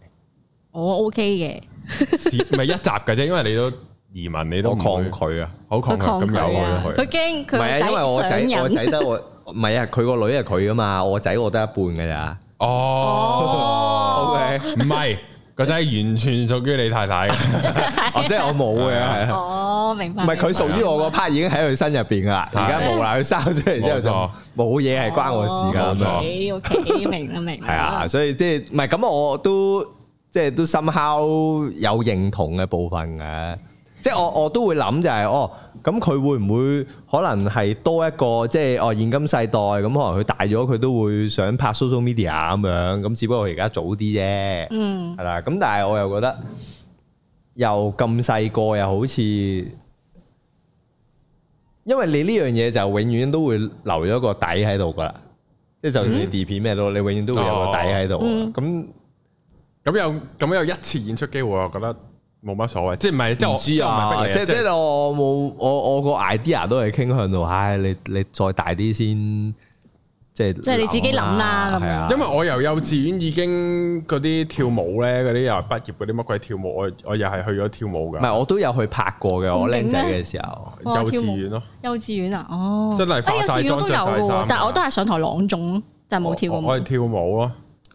我 OK 嘅，唔係一集㗎啫，因為你都移民，你都抗拒啊，好抗拒咁有佢驚，佢仔，因為我仔我仔得我，唔係啊，佢個女係佢噶嘛，我仔我得一半噶咋。哦、oh，OK，唔係，個仔完全屬於你太太，即係我冇嘅，係。哦，明白。唔係佢屬於我個 part，已經喺佢身入邊噶啦，而家冇啦，佢生出嚟之後就冇嘢係關我事噶。冇錯，OK，明啦明。係啊 所以即係唔係咁，就是、我、就是、都即係都深刻有認同嘅部分嘅。即係我我都會諗就係哦，咁佢會唔會可能係多一個即係哦，現今世代，咁可能佢大咗佢都會想拍 social media，咁樣，咁只不過佢而家早啲啫，嗯，係啦，咁但係我又覺得又咁細個又好似，因為你呢樣嘢就永遠都會留咗個底喺度噶啦，即係就算你地片咩咯，你永遠都會有個底喺度咁，咁有咁有一次演出機會，我覺得。冇乜所謂，即係唔係，即知啊，即係即係我冇，我我個 idea 都係傾向到，唉，你你再大啲先，即係即係你自己諗啦咁樣。因為我由幼稚園已經嗰啲跳舞咧，嗰啲又係畢業嗰啲乜鬼跳舞，我我又係去咗跳舞噶。唔係，我都有去拍過嘅，我靚仔嘅時候，幼稚園咯。幼稚園啊，哦，真係化晒妝都有，但係我都係上台朗誦，就冇跳過舞。我係跳舞咯。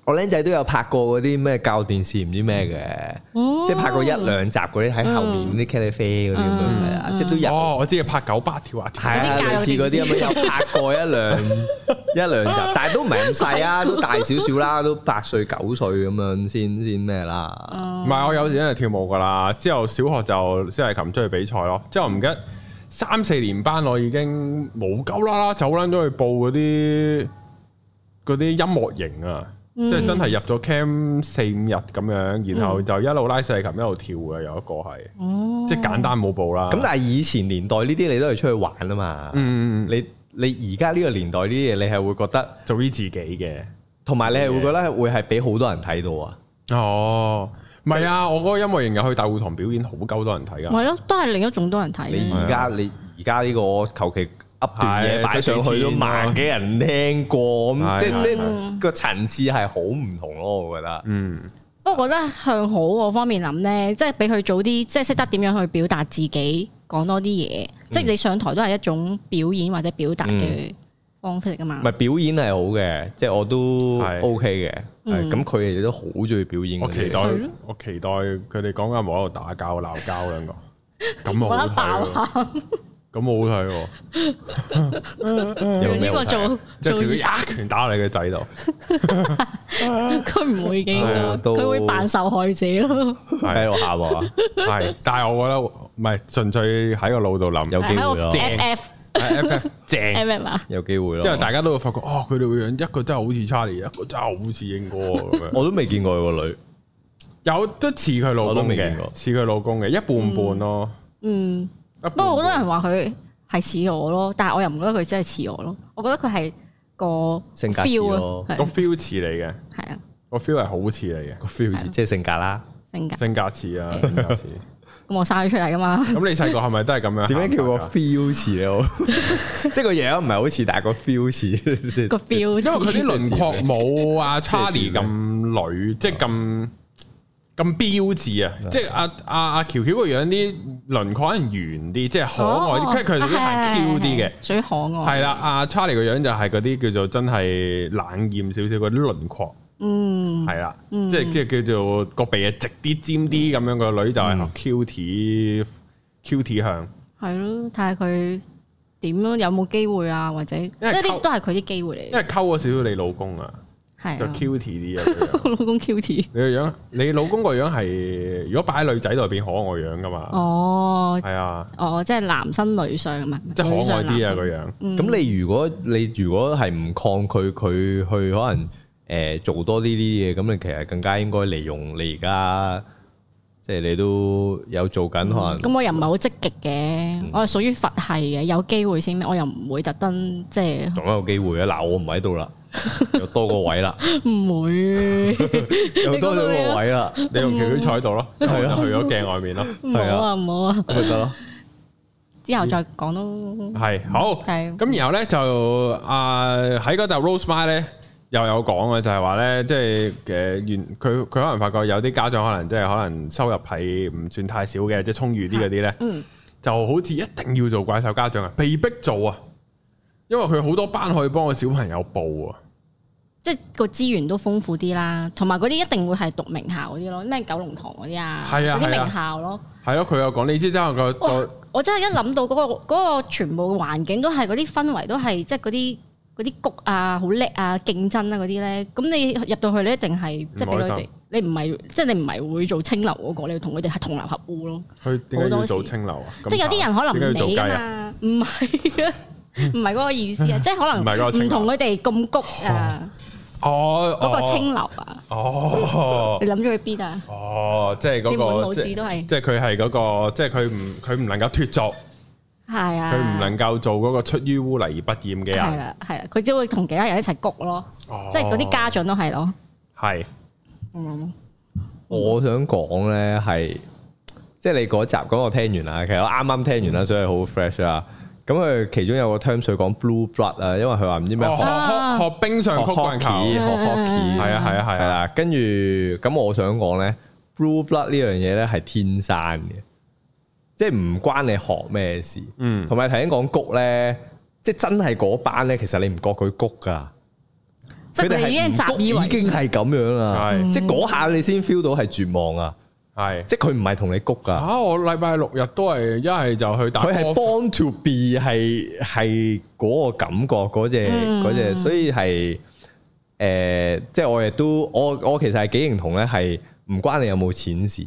我僆仔都有拍過嗰啲咩教電視唔知咩嘅，哦、即係拍過一兩集嗰啲喺後面嗰啲茄喱啡嗰啲咁樣係啊，嗯嗯、即係都有。哦，我知拍九八跳，跳啊，係啊，類似嗰啲咁樣有拍過一兩 一兩集，但係都唔係咁細啊，都大少少啦，都八歲九歲咁樣先先咩啦。唔係、哦、我有時咧跳舞噶啦，之後小學就小提琴出去比賽咯。之後唔記得三四年班我已經冇鳩啦啦，走撚都去報嗰啲嗰啲音樂型啊。嗯、即係真係入咗 cam 四五日咁樣，然後就一路拉四琴，一路跳嘅，有一個係，嗯、即係簡單舞步啦。咁但係以前年代呢啲你都係出去玩啊嘛。嗯，你你而家呢個年代呢啲嘢你係會覺得屬於自己嘅，同埋你係會覺得會係俾好多人睇到啊。的哦，唔係啊，我嗰個音樂型入去大會堂表演，好鳩多人睇噶。係咯，都係另一種多人睇。你而家的你而家呢個求其。噏段嘢擺上去，都萬幾人聽過咁，即係即係個層次係好唔同咯，我覺得。嗯，不過我覺得向好個方面諗咧，即係俾佢早啲，即係識得點樣去表達自己，講多啲嘢。即係你上台都係一種表演或者表達嘅方式㗎嘛。咪表演係好嘅，即係我都 OK 嘅。咁佢哋都好中意表演。我期待，我期待佢哋講緊冇喺度打交鬧交兩個。咁我覺得爆。咁好睇喎！呢個做即係佢一拳打你個仔度，佢唔會驚，佢會扮受害者咯。喺度下係，但係我覺得唔係純粹喺個腦度諗，有喺 F，正正，有機會咯。即係大家都會發覺，哦，佢哋個樣一個真係好似查理，一個真係好似英哥咁樣。我都未見過佢個女，有都似佢老公嘅，似佢老公嘅一半半咯。嗯。不過好多人話佢係似我咯，但係我又唔覺得佢真係似我咯。我覺得佢係個性格似咯，個 feel 似你嘅。係啊，個 feel 係好似你嘅，個 feel 即係性格啦。性格性格似啊，咁我生咗出嚟噶嘛。咁你細個係咪都係咁樣？點樣叫個 feel 似啊？即係個嘢唔係好似，但係個 feel 似個 feel。因為佢啲輪廓冇阿 Charlie 咁女，即係咁。咁標致啊！嗯、即係阿阿阿喬喬個樣啲輪廓可能圓啲，即係可愛啲，即係佢哋啲係 Q 啲嘅，屬於可愛。係啦，阿、啊、查理個樣就係嗰啲叫做真係冷豔少少嗰啲輪廓。嗯，係啦，即係即係叫做個鼻係直啲尖啲咁樣，個女就係 Q T Q T 向。係咯，睇下佢點樣，有冇機會啊？或者即係呢啲都係佢啲機會嚟。因為溝咗少少你老公啊。就 cute 啲啊！我 老公 cute。你個樣，你老公個樣係，如果擺女仔度變可愛樣噶嘛？哦，係啊。哦，即係男生女相啊嘛。即係可愛啲啊個樣。咁、嗯、你如果你如果係唔抗拒佢去可能誒、呃、做多呢啲嘢，咁你其實更加應該利用你而家即係你都有做緊可能。咁、嗯、我又唔係好積極嘅，嗯、我係屬於佛系嘅，有機會先咩？我又唔會特登即係。仲有一個機會啊！嗱，我唔喺度啦。 又多個位啦，唔會 又多咗個位啦，你用皮表彩到咯，係去咗鏡外面啦，係 啊，好啊，咪得 之後再講咯，係好，咁是然後咧就啊喺嗰度 Rose Mai 咧又有講嘅，就係話咧即係誒，原佢佢可能發覺有啲家長可能即係可能收入係唔算太少嘅，即係充裕啲嗰啲咧，的嗯、就好似一定要做怪獸家長啊，被逼做啊，因為佢好多班可以幫個小朋友報啊。即係個資源都豐富啲啦，同埋嗰啲一定會係讀名校嗰啲咯，咩九龍塘嗰啲啊，嗰啲名校咯。係啊，佢、啊、有講你知，真係我真係一諗到嗰、嗰個嗰個全部嘅環境都係嗰啲氛圍都係即係嗰啲嗰啲谷啊，好叻啊，競爭啊，嗰啲咧，咁你入到去你一定係即係俾佢哋，你唔係即係你唔係會做清流嗰、嗰個，你要同佢哋係同流合污咯。去點為做清流啊？即係有啲人可能唔係啊，唔係啊，唔係嗰個意思 個啊，即係可能唔同佢哋咁谷。啊。哦，嗰、哦、個清流啊！哦，你諗咗去邊啊？哦，即係嗰個、即係嗰、嗰個，即係即係佢係嗰個，即係佢唔佢唔能夠脫俗，係啊，佢唔能夠做嗰個出於污泥而不染嘅人，係啊，係啦、啊，佢只會同其他人一齊谷咯，哦、即係嗰啲家長都係咯，係，嗯，我想講咧係，即、就、係、是、你嗰集嗰個聽完啦，其實我啱啱聽完啦，所以好 fresh 啊！咁佢其中有個 term 佢講 blue blood 啊，因為佢話唔知咩學學學冰上曲棍球，學 hockey，係啊係啊係啦。跟住咁我想講咧，blue blood 呢樣嘢咧係天生嘅，即係唔關你學咩事。嗯，同埋頭先講谷咧，即係真係嗰班咧，其實你唔覺佢谷噶，佢哋已經習以為，已經係咁樣啦。即係嗰下你先 feel 到係絕望啊！係，是即係佢唔係同你谷噶。吓、啊，我禮拜六日都係一係就去打。佢係 Born to be，係係嗰個感覺，嗰隻隻，所以係誒、呃，即係我亦都，我我其實係幾認同咧，係唔關你有冇錢事，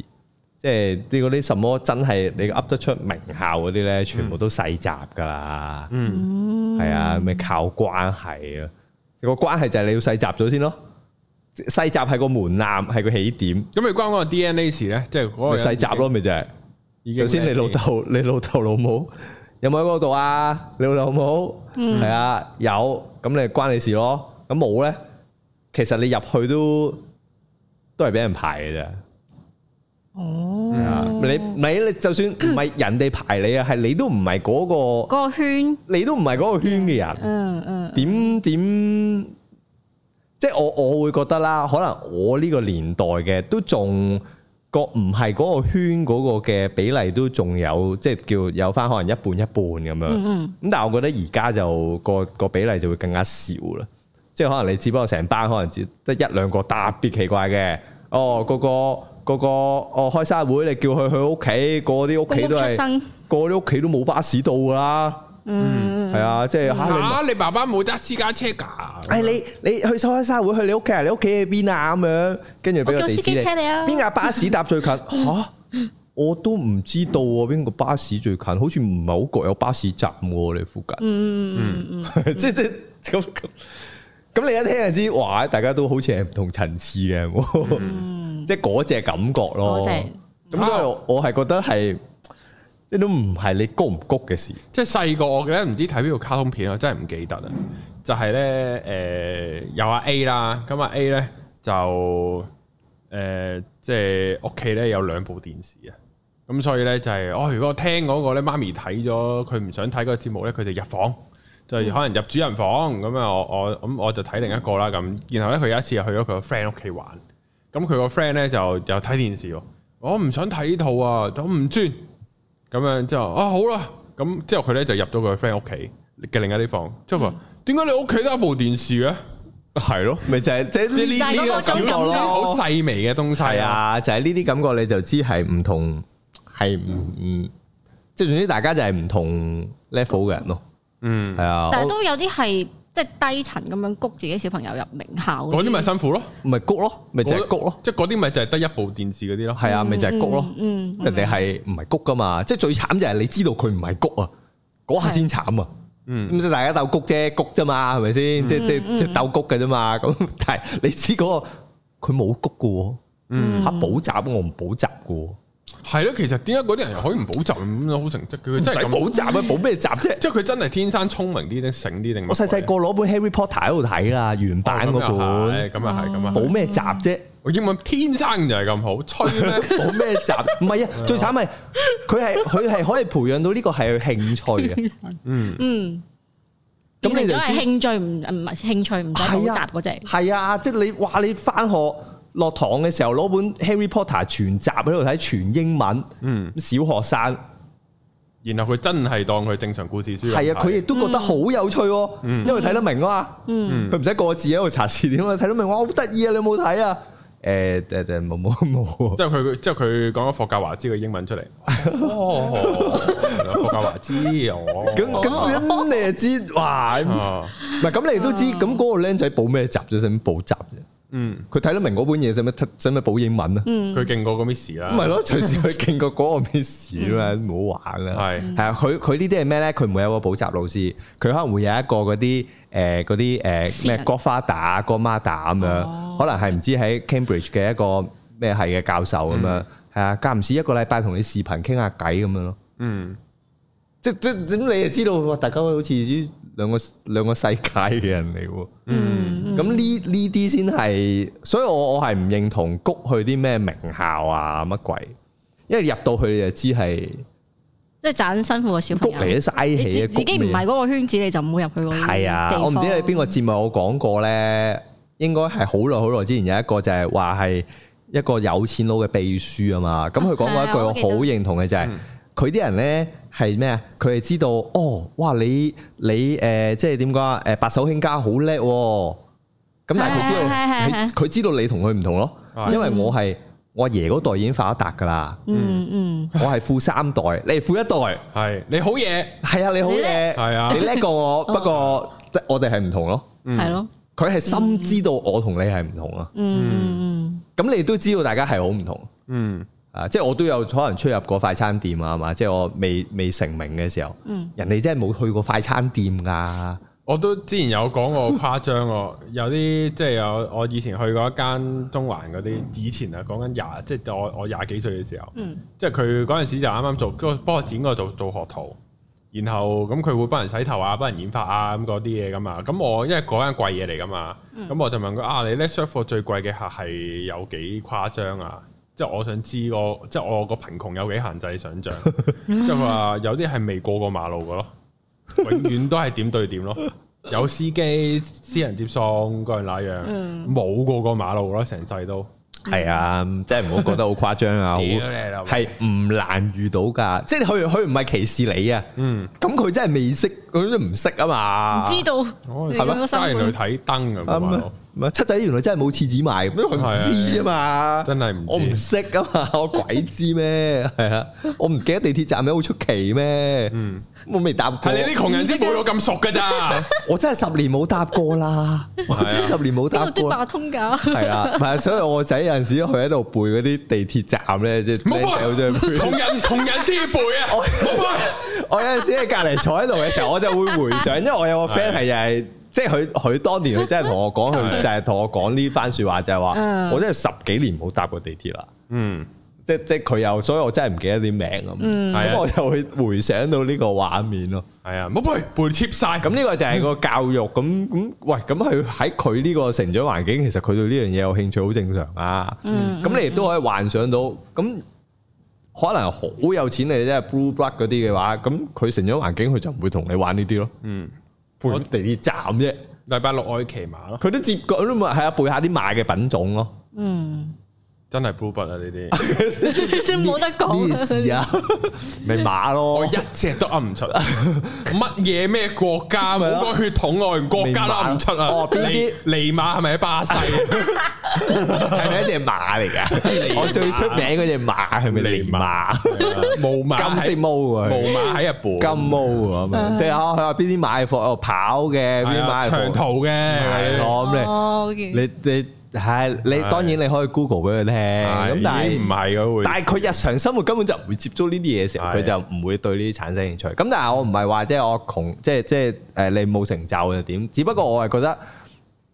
即係啲嗰啲什麼真係你噏得出名校嗰啲咧，全部都世襲噶啦。嗯，係啊，咪、就是、靠關係啊？個關係就係你要世襲咗先咯。細集係個門檻，係個起點。咁你關個 DNA 事咧？即係嗰個細集咯，咪就係。首先，你老豆、你老豆老母有冇喺嗰度啊？你老豆老母係啊？有，咁你關你事咯。咁冇咧，其實你入去都都係俾人排嘅啫。哦，你咪你就算唔係人哋排你啊，係你都唔係嗰個個圈，你都唔係嗰個圈嘅人。嗯嗯，點點。即係我我會覺得啦，可能我呢個年代嘅都仲個唔係嗰個圈嗰個嘅比例都仲有，即係叫有翻可能一半一半咁樣。咁，嗯嗯、但係我覺得而家就個個比例就會更加少啦。即係可能你只不過成班可能只得一兩個特別奇怪嘅。哦，嗰個嗰個，個，個，個，個哦開生日會，你叫佢去個個個個屋企，個個啲屋企都係個個啲屋企都冇巴士到㗎啦。嗯，係啊 on on you，即係吓你爸爸冇揸私家車噶？哎 that，你你去參加沙會，去你屋企啊？你屋企喺邊啊？咁樣，跟住俾個地址你啊？邊架巴士搭最近？吓，我都唔知道啊！邊個巴士最近？好似唔係好覺有巴士站你附近。嗯，即係即係咁咁你一聽就知，哇！大家都好似係唔同層次嘅，即係嗰隻感覺咯。咁所以我我係覺得係。即都唔係你谷唔谷嘅事。即係細個我咧唔知睇邊套卡通片我真係唔記得啊。就係咧，誒，有阿 A 啦，咁阿 A 咧就誒，即係屋企咧有兩部電視啊。咁所以咧就係哦，如果我聽嗰個咧，媽咪睇咗佢唔想睇嗰個節目咧，佢就入房，就可能入主人房咁啊。我我咁我就睇另一個啦。咁然後咧佢有一次又去咗佢個 friend 屋企玩，咁佢個 friend 咧就又睇電視，我唔想睇呢套啊，我唔轉。咁樣之後啊好啦，咁之後佢咧就入咗佢 friend 屋企嘅另一啲房，之後話點解你屋企得一部電視嘅？係咯，咪就係即係呢啲咁嘅好細微嘅東西啊！就係呢啲感覺你就知係唔同，係唔唔即係總之大家就係唔同 level 嘅人咯。嗯，係啊的，但係都有啲係。即係低層咁樣谷自己小朋友入名校，嗰啲咪辛苦咯，咪谷咯，咪就係谷咯，即係嗰啲咪就係得一部電視嗰啲咯，係、嗯、啊，咪就係、是、谷咯，嗯嗯、人哋係唔係谷噶嘛？即係的最慘就係你知道佢唔係谷啊，嗰下先慘啊，唔識、嗯、大家鬥谷啫，谷啫嘛，係咪先？即係即係鬥谷嘅啫嘛，咁但係你知嗰、個佢冇谷嘅，嚇、嗯、補習我唔補習嘅。係咯，其實點解嗰啲人可以唔補習咁好成績？佢真係唔補習啊，補咩習啫？即係佢真係天生聰明啲，啲醒啲定？我細細個攞本《Harry Potter》喺度睇啦，原版嗰本。咁又係，咁又係，啊！補咩習啫？我英文天生就係咁好，吹咩補咩習？唔係啊，最慘係佢係佢係可以培養到呢個係興趣嘅。嗯嗯。咁你就係興趣唔唔係興趣唔使補習嗰隻？係啊，即係你話你返學，落堂嘅時候攞本 Harry Potter 全集喺度睇全英文，嗯，小學生，然後佢真係當佢正常故事書，係啊，佢亦都覺得好有趣，因為睇得明啊嘛，嗯，佢唔使個字喺度查字典，我睇得明，我好得意啊！你有冇睇啊？誒冇冇冇，即係佢，即係佢講咗霍格華茲嘅英文出嚟，霍格華茲，我咁咁真你又知，哇，唔係咁你都知，咁嗰、 嗰個僆仔補咩集？啫？先補習啫。嗯，佢睇得明嗰本嘢，使唔使使唔使補英文啊？佢勁過個 miss 啦，唔係咯，隨時佢勁過嗰個 miss 啊嘛，唔好、嗯、玩啊。係係啊，佢佢呢啲係咩咧？佢唔會有個補習老師，佢可能會有一個嗰啲誒嗰啲誒咩國花打國媽打咁樣，哦、可能係唔知喺 Cambridge 嘅一個咩係嘅教授咁樣，係、嗯、啊，間唔時一個禮拜同你視頻傾下偈咁樣咯。嗯，即即點你又知道大家係好似。兩個兩個世界嘅人嚟喎，嗯，嗯，咁呢呢啲先係，所以我我係唔認同谷去啲咩名校啊乜鬼，因為入到去就知係，即係盞辛苦個小朋友嚟嘅嘥氣，自己唔係嗰個圈子你就唔好入去。係啊，我唔知你邊個節目我講過咧，應該係好耐好耐之前有一個就係話係一個有錢佬嘅秘書啊嘛，咁佢講過一句我好認同嘅就係、是。嗯嗯佢啲人咧係咩啊？佢係知道哦，哇！你你誒、呃，即係點講啊？誒、哦，白手興家好叻，咁但係佢知道佢知道你同佢唔同咯。因為我係我阿爺嗰代已經發咗達噶啦，嗯嗯的，我係富三代，你係富一代，係 你好嘢晚，係啊你好嘢，係啊，你叻呢過我，不過我哋係唔同咯，係咯的，佢係深知道我你同你係唔同啊，嗯的嗯，咁你知都知道大家係好唔同，嗯。啊，即係我都有可能出入過快餐店啊嘛，即係我未未成名嘅時候，嗯、人哋真係冇去過快餐店噶、啊。我都之前有講過誇張，我 有啲即係有我以前去過一間中環嗰啲以前啊，講緊廿即係我我廿幾歲嘅時候，嗯、即係佢嗰陣時就啱啱做，幫我剪過做做學徒，然後咁佢會幫人洗頭幫人啊，幫人染髮啊咁嗰啲嘢噶嘛。咁我因為嗰間貴嘢嚟噶嘛，咁我就問佢啊，你咧 serve 過最貴嘅客係有幾誇張啊？即係我想知個，即係我個貧窮有幾限制想象， 即係話有啲係未過過馬路嘅咯，永遠都係點對點咯，有司機私人接送各樣那樣，冇過過馬路咯，成世都係、嗯、 啊，即係唔好覺得好誇張啊，係唔、 嗯、難遇到噶，即係佢佢唔係歧視你啊，嗯，咁佢真係未識，佢都唔識啊嘛，唔知道係咪？去睇燈嘅。七仔，原來真係冇廁紙賣，佢唔知啊嘛，真係唔，我唔識啊嘛，我鬼知咩？係啊，我唔記得地鐵站係好出奇咩？嗯，我未搭過。係你啲窮人先冇咁熟噶咋？我真係十年冇搭過啦，我真係十年冇搭過。通噶係啦，係所以，我仔有陣時去喺度背嗰啲地鐵站咧，即係。冇背，窮人窮人先要背啊！我我有陣時喺隔籬坐喺度嘅時候，我就會回想，因為我有個 friend 係又係。即係佢，佢當年佢真係同我講，佢就係同我講呢番說話，就係話我真係十幾年冇搭過地鐵啦。嗯，即係即係佢又，所以我真係唔記得啲名咁。咁、嗯、我又會回想到呢個畫面咯，嗯。係啊，好背背貼晒。咁呢個就係個教育咁咁。喂，咁佢喺佢呢個成長環境，其實佢對呢樣嘢有興趣，好正常啊。咁、嗯、你亦都可以幻想到，咁可能好有錢，你即係 blue blood 嗰啲嘅話，咁佢成長環境佢就唔會同你玩呢啲咯。嗯。背地鐵站啫，禮拜六我去騎馬咯。佢都接過，都冇係啊，背下啲馬嘅品種咯。嗯。真係 bluebird 啊！呢啲先冇得講，咩事啊？名馬咯，我一隻都噏唔出，乜嘢咩國家啊？好多血統我連國家都噏唔出啊！啲尼馬係咪喺巴西？係咪一隻馬嚟噶？我最出名嗰隻馬係咪尼馬？毛馬，金色毛嘅，毛馬喺日本，金毛啊嘛，即係佢話邊啲馬係放跑嘅，邊啲馬係長途嘅，係咁咧，你你。係你當然你可以 Google 俾佢聽，咁但係唔係嘅，但係佢日常生活根本就唔會接觸呢啲嘢嘅時候，佢的就唔會對呢啲產生興趣。咁但係我唔係話即係我窮，即係即係誒你冇成就又點？只不過我係覺得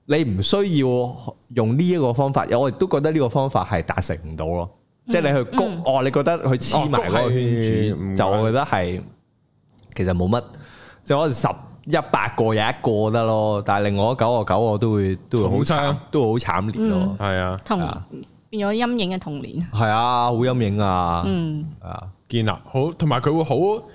你唔需要用呢一個方法，我亦都覺得呢個方法係達成唔到咯。嗯、即係你去谷 o、嗯、哦，你覺得去黐埋嗰個圈子，就我覺得係其實冇乜。就可能十。一百個有一個得咯，但係另外九個九個都會都會好慘，都會好慘烈咯。係、嗯、啊，同啊變咗陰影嘅童年。係啊，好陰影啊。嗯，啊，見立好，同埋佢會好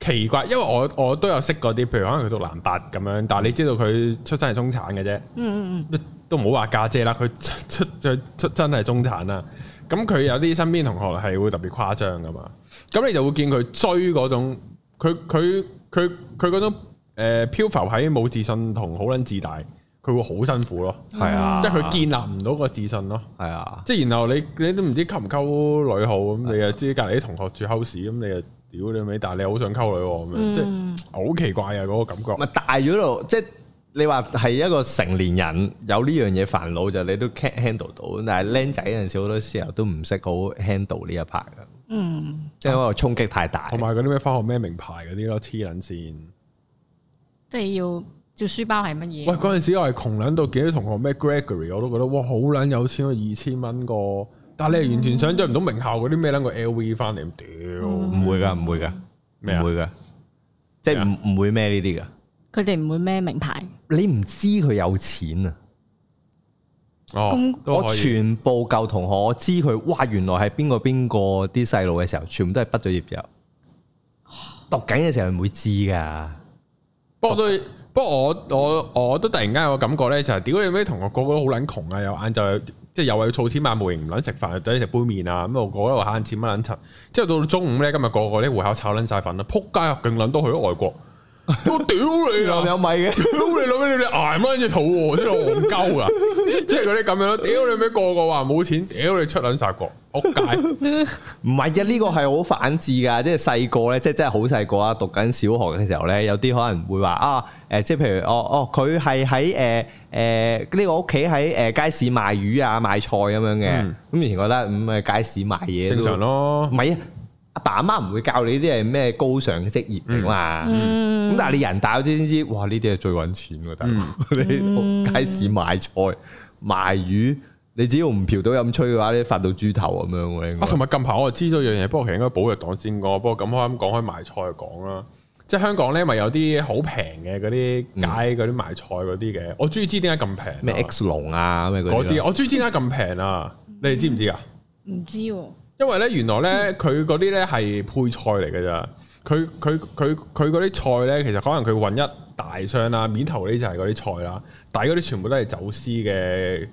奇怪，因為我我都有識嗰啲，譬如可能佢讀藍白咁樣，但係你知道佢出身係中產嘅啫。嗯嗯嗯，都唔好話家姐啦，佢出出佢出真係中產啦。咁佢有啲身邊同學係會特別誇張㗎嘛，咁你就會見佢追嗰種，佢佢佢佢嗰種。誒漂浮喺冇自信同好撚自大，佢會好辛苦咯。係啊，即係佢建立唔到個自信咯。係啊，即係然後你你都唔知溝唔溝女好，咁、啊、你又知隔離啲同學住口屎，咁你，你又屌你尾，但係你好想溝女咁樣，即係好奇怪啊嗰、嗰個感覺。咪大咗咯，即係你話係一個成年人有呢樣嘢煩惱就你都 handle 到，但係僆仔嗰陣時好多時候都唔識好 handle 呢一排㗎。嗯，即係嗰個衝擊太大，同埋嗰啲咩返學咩名牌嗰啲咯，黐撚線。即係要要書包係乜嘢？喂，嗰陣時我係窮捻到，幾多同學咩？Gregory 我都覺得哇，好捻有錢，二千蚊個。但係你係完全想像唔到名校嗰啲咩？拎個 LV 翻嚟，屌、嗯，唔會噶，唔會噶，咩唔、啊、會噶？即係唔唔會咩呢啲噶？佢哋唔會咩名牌？你唔知佢有錢啊？哦，我全部舊同學，我知佢哇，原來係邊個邊個啲細路嘅時候，全部都係畢咗業又讀緊嘅時候，唔會知噶。不過不過我我我都突然間有個感覺咧、就是，就係屌解你咩同學個個都好撚窮啊，又晏晝即係又話要儲錢買模型唔撚食飯，等你食杯麵啊咁啊，個個都慳錢乜撚柒？之後到到中午咧，今日個個啲戶口炒撚晒粉啦，仆街啊，勁撚都去咗外國。我屌你又有米嘅，屌你老味，你捱你挨返隻肚？真老憨鳩噶，即係嗰啲咁樣屌你咩？味，個個話冇錢，屌你出捻殺國，仆街！唔係啊，呢個係好反智噶，即係細個咧，即係真係好細個啊，讀緊小學嘅時候咧，有啲可能會話啊，誒、哦，即係譬如哦哦，佢係喺誒誒呢個屋企喺誒街市賣魚啊賣菜咁樣嘅，咁、嗯、以前覺得咁咪、嗯、街市賣嘢正常咯，唔係呀！阿爸阿媽唔會教你啲係咩高尚嘅職業嚟嘛？咁、嗯嗯、但係你人大咗先知，哇！呢啲係最揾錢㗎，大哥、嗯， 你街市賣菜賣魚，你只要唔嫖到飲吹嘅話，你發到豬頭咁樣喎。啊！同埋、啊、近排我知咗樣嘢，不過其實應該寶藥黨先講。不過咁開咁講，可賣菜講啦。即係香港咧，咪有啲好平嘅嗰啲街嗰啲賣菜嗰啲嘅，我中意、嗯嗯、知點解咁平咩？X 龍啊，咩嗰啲？我中意知點解咁平啊？你哋知唔知啊？唔知喎。因為咧，原來咧佢嗰啲咧係配菜嚟嘅咋，佢佢佢佢嗰啲菜咧，其實可能佢混一大箱啦，面頭呢就係嗰啲菜啦，但係嗰啲全部都係走私嘅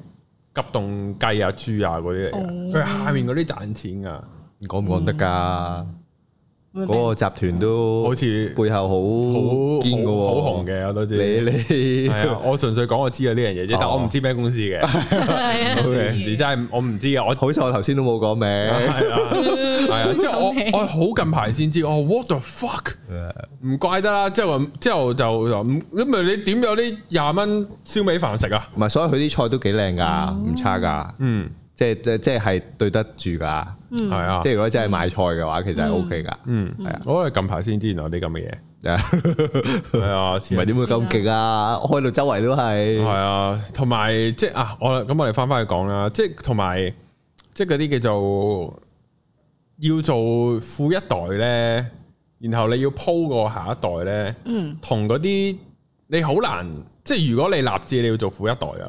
急凍雞啊、豬啊嗰啲嚟嘅，佢下面嗰啲賺錢噶，你講唔講得噶？說嗰個集團都好似背後好好堅噶好紅嘅，我都知。你你係啊，我純粹講我知啊呢樣嘢啫，但我唔知咩公司嘅。係啊，真係我唔知啊，我好似我頭先都冇講名。係啊，係啊，即係我我好近排先知。哦，what the fuck？唔怪得啦，之後之後就就因為你點有啲廿蚊燒味飯食啊？唔係，所以佢啲菜都幾靚噶，唔差噶。嗯，即係即係即係係對得住噶。係啊，嗯、即係如果真係買菜嘅話，嗯、其實係 O K 噶。嗯，係啊，我哋近排先知原來啲咁嘅嘢，係啊，唔係點會咁勁啊？開到周圍都係，係啊，同埋即係啊，我咁我哋翻翻去講啦，即係同埋即係嗰啲叫做要做富一代咧，然後你要鋪過下一代咧，嗯，同嗰啲你好難，即係如果你立志你要做富一代啊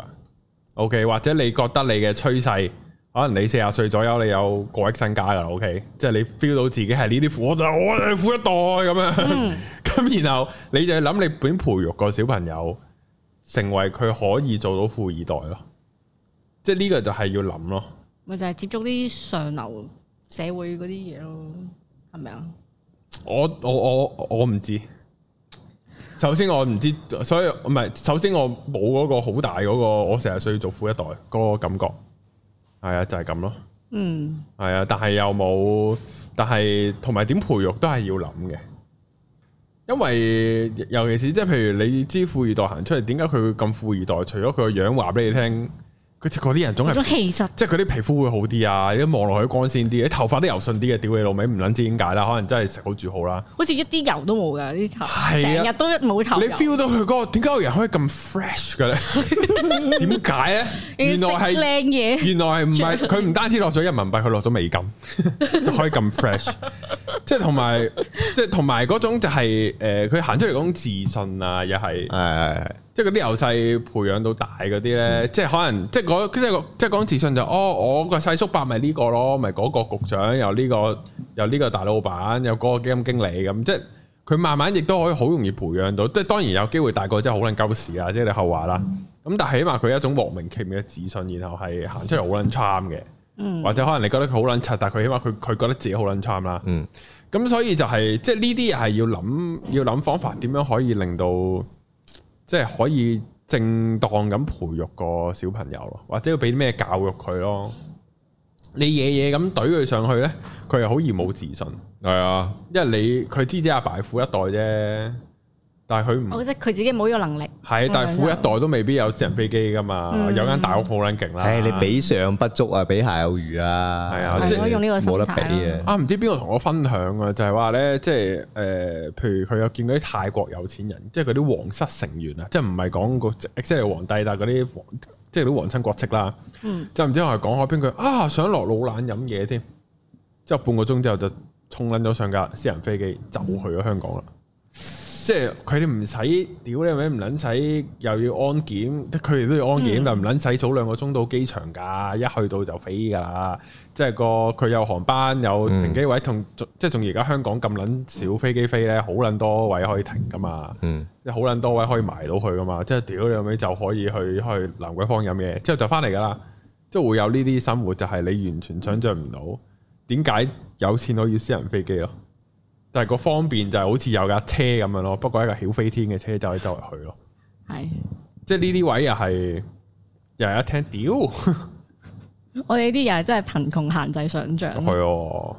，O K，或者你覺得你嘅趨勢。.可能你四十歲左右，你有過億身家噶啦，OK，即係你 feel 到自己係呢啲富就我係富一代咁樣，咁、嗯、然後你就諗你本培育個小朋友，成為佢可以做到富二代咯，即係呢個就係要諗咯。咪就係接觸啲上流社會嗰啲嘢咯，係咪啊？我我我我唔知。首先我唔知，所以唔係，首先我冇嗰個好大嗰個，我四十歲要做富一代嗰個感覺。係啊，就係咁咯。嗯，係啊，但係又冇，但係同埋點培育都係要諗嘅，因為尤其是即係譬如你知富二代行出嚟，點解佢會咁富二代？除咗佢個樣，話俾你聽。佢食嗰啲人總係種氣質，即係佢啲皮膚會好啲啊！一望落去光鮮啲，啲頭髮都油順啲嘅，屌你老味，唔捻知點解啦？可能真係食好住好啦。好似一啲油都冇噶啲頭，成日都冇頭油你 feel 到佢嗰個點解個人可以咁 fresh 嘅咧？點解咧？原來係靚嘢。原來唔係佢唔單止落咗人民幣，佢落咗美金就可以咁 fresh。即係同埋，即係同埋嗰種就係誒，佢行出嚟嗰種自信啊，又係係即係嗰啲由細培養到大嗰啲咧，嗯、即係可能，即係講，即係講自信就，哦，我個細叔伯咪呢個咯，咪嗰個局長又呢個，又呢個大老闆，又嗰個基金經理咁，即係佢慢慢亦都可以好容易培養到，即係當然有機會大個即係好卵鳩事啊，即係你後話啦。咁、嗯、但係起碼佢有一種莫名其妙嘅自信，然後係行出嚟好卵 charm 嘅，嗯、或者可能你覺得佢好卵柒，但係佢起碼佢佢覺得自己好卵 charm 啦。咁所以就係、是，即係呢啲係要諗，要諗方法點樣可以令到。即係可以正當咁培育個小朋友，或者要俾啲咩教育佢咯。你嘢嘢咁懟佢上去咧，佢係好易冇自信。係啊，因為你佢知知阿爸富一代啫。但係佢唔，我即係佢自己冇呢個能力。係，但係富一代都未必有私人飛機噶嘛。嗯、有間大屋好卵勁啦。你比上不足啊，比下有餘啊，係啊，即係冇得比啊。就是、啊，唔、啊、知邊個同我分享啊？就係話咧，即係誒，譬如佢有見過嗰啲泰國有錢人，即係嗰啲皇室成員啊，即係唔係講個即係皇帝，但係嗰啲即係啲皇親國戚啦。即、嗯、就唔知我係講開邊句啊？想落老卵飲嘢添，之後半個鐘之後就衝捻咗上架私人飛機，就去咗香港啦。即係佢哋唔使屌你咩，唔撚使又要安檢，佢哋都要安檢，嗯、但唔撚使早兩個鐘到機場㗎，一去到就飛㗎啦。即係個佢有航班有停機位，同、嗯、即係仲而家香港咁撚少飛機飛咧，好撚多位可以停㗎嘛。嗯、即係好撚多位可以埋到佢㗎嘛。即係屌你咩就可以去可以去蘭桂坊飲嘢，之後就翻嚟㗎啦。即係會有呢啲生活，就係你完全想像唔到。點解、嗯、有錢可以私人飛機咯？就係個方便就係、是、好似有架車咁樣咯，不過一架曉飛天嘅車就可以周圍去咯。係是，即係呢啲位又係又係一聽屌， 我哋呢啲又係真係貧窮限制想象。係 哦，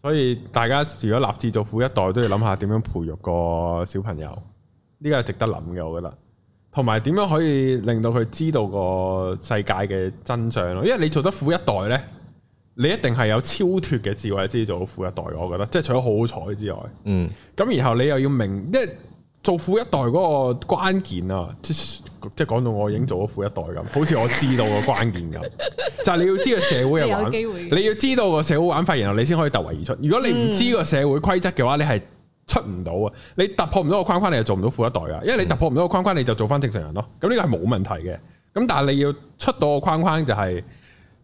所以大家如果立志做富一代，都要諗下點樣培育個小朋友，呢個係值得諗嘅，我覺得，同埋點樣可以令到佢知道個世界嘅真相咯。因為你做得富一代呢，你一定係有超脱嘅智慧先做到富一代，我覺得，即係除咗好彩之外，嗯，咁然後你又要明因為，即係做富一代嗰個關鍵啊，即係即講到我已經做咗富一代咁，好似我知道個關鍵咁， 就係你要知道社會嘅玩，你，你要知道個社會玩法，然後你先可以突圍而出。如果你唔知個社會規則嘅話，你係出唔到啊！嗯、你突破唔到個框框，你就做唔到富一代啊！因為你突破唔到個框框，你就做翻正常人咯。咁、呢、呢個係冇問題嘅。咁但係你要出到個框框、就係，就係。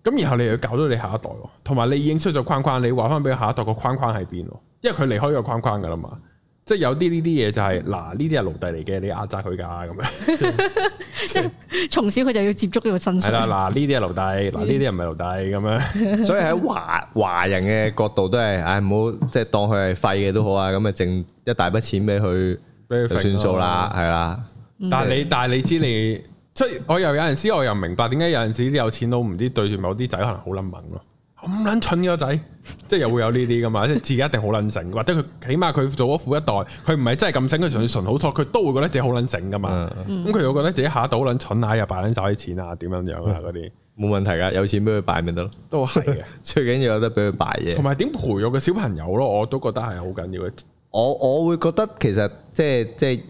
咁然後你又要搞到你下一代，同埋你已經出咗框框，你話翻俾下一代個框框喺邊咯？因為佢離開呢個框框噶啦嘛，即係有啲呢啲嘢就係嗱，呢啲係奴隸嚟嘅，你壓榨佢噶咁樣，即係從小佢就要接觸呢個新。係啦，嗱，呢啲係奴隸，嗱呢啲又唔係奴隸咁樣，所以喺華華人嘅角度都係，唉，唔好即係當佢係廢嘅都好啊，咁啊，剩一大筆錢俾佢，俾佢算數啦，係啦。但係你，但係你知你。所以我又有陣時我又明白點解有陣時啲有錢佬唔知對住某啲仔可能好卵敏咯，咁卵蠢嘅仔，即係又會有呢啲噶嘛？即係 自己一定好卵醒，或者佢起碼佢做咗富一代，佢唔係真係咁醒，佢純粹純好錯，佢都會覺得自己好卵醒噶嘛？咁佢又覺得自己下賭好卵蠢啊，又敗撚晒啲錢啊，點樣樣啊嗰啲，冇問題噶，有錢俾佢敗咪得咯，都係嘅。 最緊要有得俾佢敗嘢，同埋點培育個小朋友咯，我都覺得係好緊要嘅。我我會覺得其實即係即係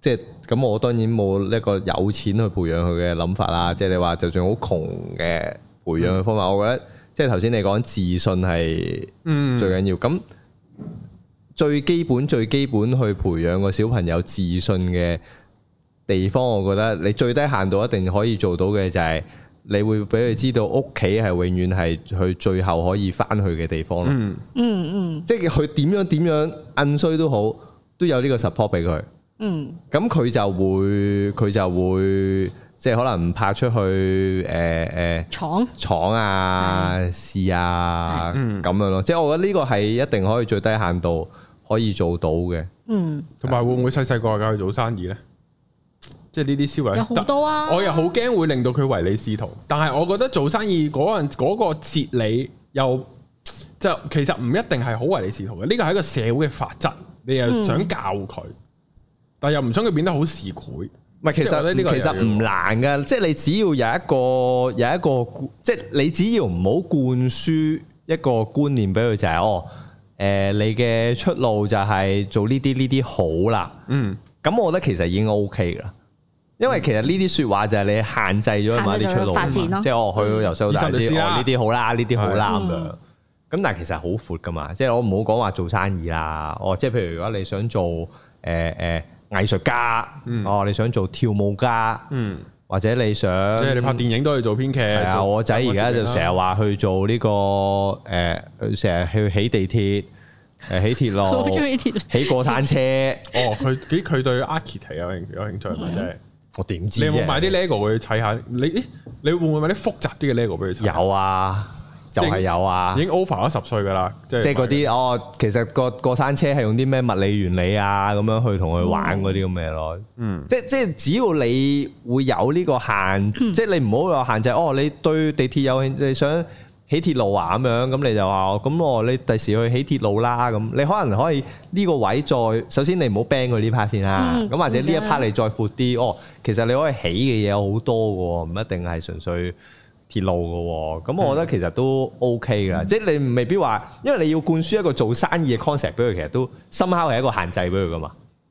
即係。即即咁我當然冇一個有錢去培養佢嘅諗法啦，即係你話就算好窮嘅培養嘅方法，嗯、我覺得即係頭先你講自信係最緊要。咁最基本最基本去培養個小朋友自信嘅地方，我覺得你最低限度一定可以做到嘅就係你會俾佢知道屋企係永遠係佢最後可以翻去嘅地方。嗯嗯嗯，即係佢點樣點樣暗衰都好，都有呢個 support 俾佢。嗯，咁佢就會佢就會即係可能唔怕出去誒誒闖闖啊試啊咁樣咯，即係我覺得呢個係一定可以最低限度可以做到嘅。嗯，同埋會唔會細細個教佢做生意呢？即係呢啲思維有好多啊！我又好驚會令到佢唯利是圖，但係我覺得做生意嗰陣嗰個哲理又就其實唔一定係好唯利是圖嘅。呢個係一個社會嘅法則，你又想教佢。但又唔想佢變得好市儈，唔係，其實呢個其實唔難嘅，即係你只要有一個有一個，即係你只要唔好灌輸一個觀念俾佢就係哦，誒，你嘅出路就係做呢啲呢啲好啦，嗯，咁我覺得其實已經 OK 噶因為其實呢啲說話就係你限制咗某啲出路啊，即係我去咗由細到大，我呢啲好啦，呢啲好啦咁樣，咁但係其實好闊噶嘛，即係我唔好講話做生意啦，哦，即係譬如如果你想做誒誒，藝術家，哦，你想做跳舞家，或者你想，即係你拍電影都去做編劇。係啊，我仔而家就成日話去做呢個誒，成日去起地鐵，誒，起鐵路，起過山車。哦，佢幾？佢對 architect 有有興趣咪即係？我點知？你有冇買啲 lego 佢砌下？你你會唔會買啲複雜啲嘅 lego 俾佢砌？有啊。就係有啊，已經 over 咗十歲噶啦，即係嗰啲哦，其實個過山車係用啲咩物理原理啊，咁樣去同佢玩嗰啲咁嘅咯，嗯，嗯即即係只要你會有呢個限，嗯、即係你唔好話限制、就係、哦，你對地鐵有你想起鐵路啊咁樣，咁你就話哦，咁你第時去起鐵路啦，咁你可能可以呢個位再首先你唔好 ban 佢呢 part 先啦，咁、嗯、或者呢一 part 你再闊啲，哦、嗯，嗯、其實你可以起嘅嘢好多嘅喎，唔一定係純粹，鐵路嘅喎，咁我覺得其實都 OK 嘅，嗯、即係你未必話，因為你要灌輸一個做生意嘅 concept 俾佢，其實都深刻係一個限制俾佢噶嘛。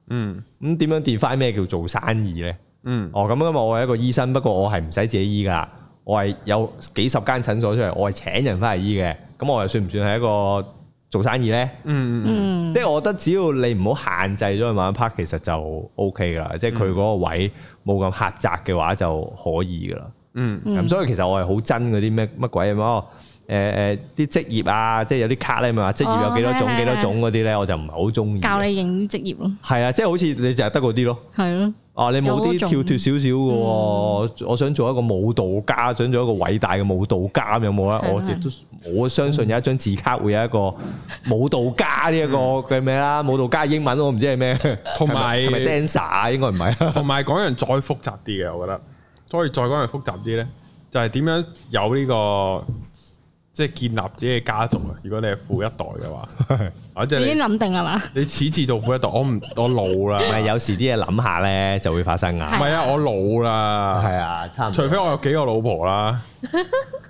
嗯，咁點樣 define 咩叫做生意呢？嗯，哦，咁因為我係一個醫生，不過我係唔使自己醫噶，我係有幾十間診所出嚟，我係請人翻嚟醫嘅，咁我又算唔算係一個做生意呢？嗯，嗯即係我覺得只要你唔好限制咗佢玩 part，其實就 OK 噶啦，嗯、即係佢嗰個位冇咁狹窄嘅話就可以噶啦。嗯，咁所以其實我係好憎嗰啲咩乜鬼啊，誒誒啲職業啊，即係有啲卡咧，咪話職業有幾多種幾多種嗰啲咧，我就唔係好中意。教你影職業咯，係啊，即係好似你淨係得嗰啲咯。係咯，啊，你冇啲跳脫少少嘅，我想做一個舞蹈家，想做一個偉大嘅舞蹈家，有冇啊？我亦都我相信有一張字卡會有一個舞蹈家呢一個嘅咩啦，舞蹈家英文我唔知係咩，同埋 dancer 應該唔係，同埋講樣再複雜啲嘅，我覺得。所以再講係複雜啲咧，就係點樣有呢個即係建立自己嘅家族啊？如果你係富一代嘅話，或者你已經諗定啦嘛，你次次做富一代。我唔我老啦，唔係有時啲嘢諗下咧就會發生啊。唔係啊，我老啦，係啊，差唔多。除非我有幾個老婆啦，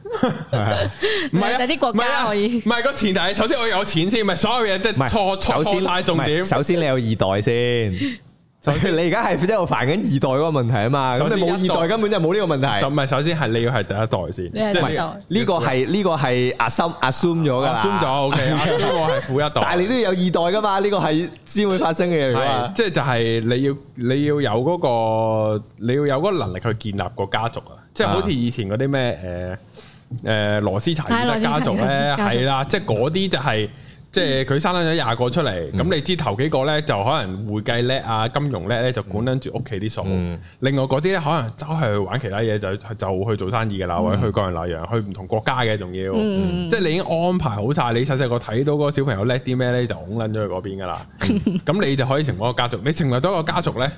唔係啊啲國家可以。唔係個前提，首先我有錢先，唔係所有嘢都錯錯錯太重點。首先你有二代先。你而家係一係煩緊二代嗰個問題啊嘛，咁你冇二代根本就冇呢個問題。首唔係首先係你要係第一代先，即係呢個係呢個係 assume assume 咗噶啦。assume 咗，OK。assume 我係富一代，但係你都要有二代噶嘛？呢個係先會發生嘅嘢。係，即係就係你要你要有嗰個你要有個能力去建立個家族啊！即係好似以前嗰啲咩誒誒羅斯柴爾德家族咧，係啦，即係嗰啲就係。即係佢生咗廿個出嚟，咁、嗯、你知頭幾個呢，就可能會計叻啊、金融叻呢，就管得住屋企啲數，嗯、另外嗰啲呢，可能走去玩其他嘢就就去做生意嘅啦，嗯、或者去各樣那樣，去唔同國家嘅仲要，嗯、即係你已經安排好晒，你細細個睇到個小朋友叻啲咩呢，就拱撚咗去嗰邊噶啦，咁你就可以成為一個家族，你成為到一個家族呢。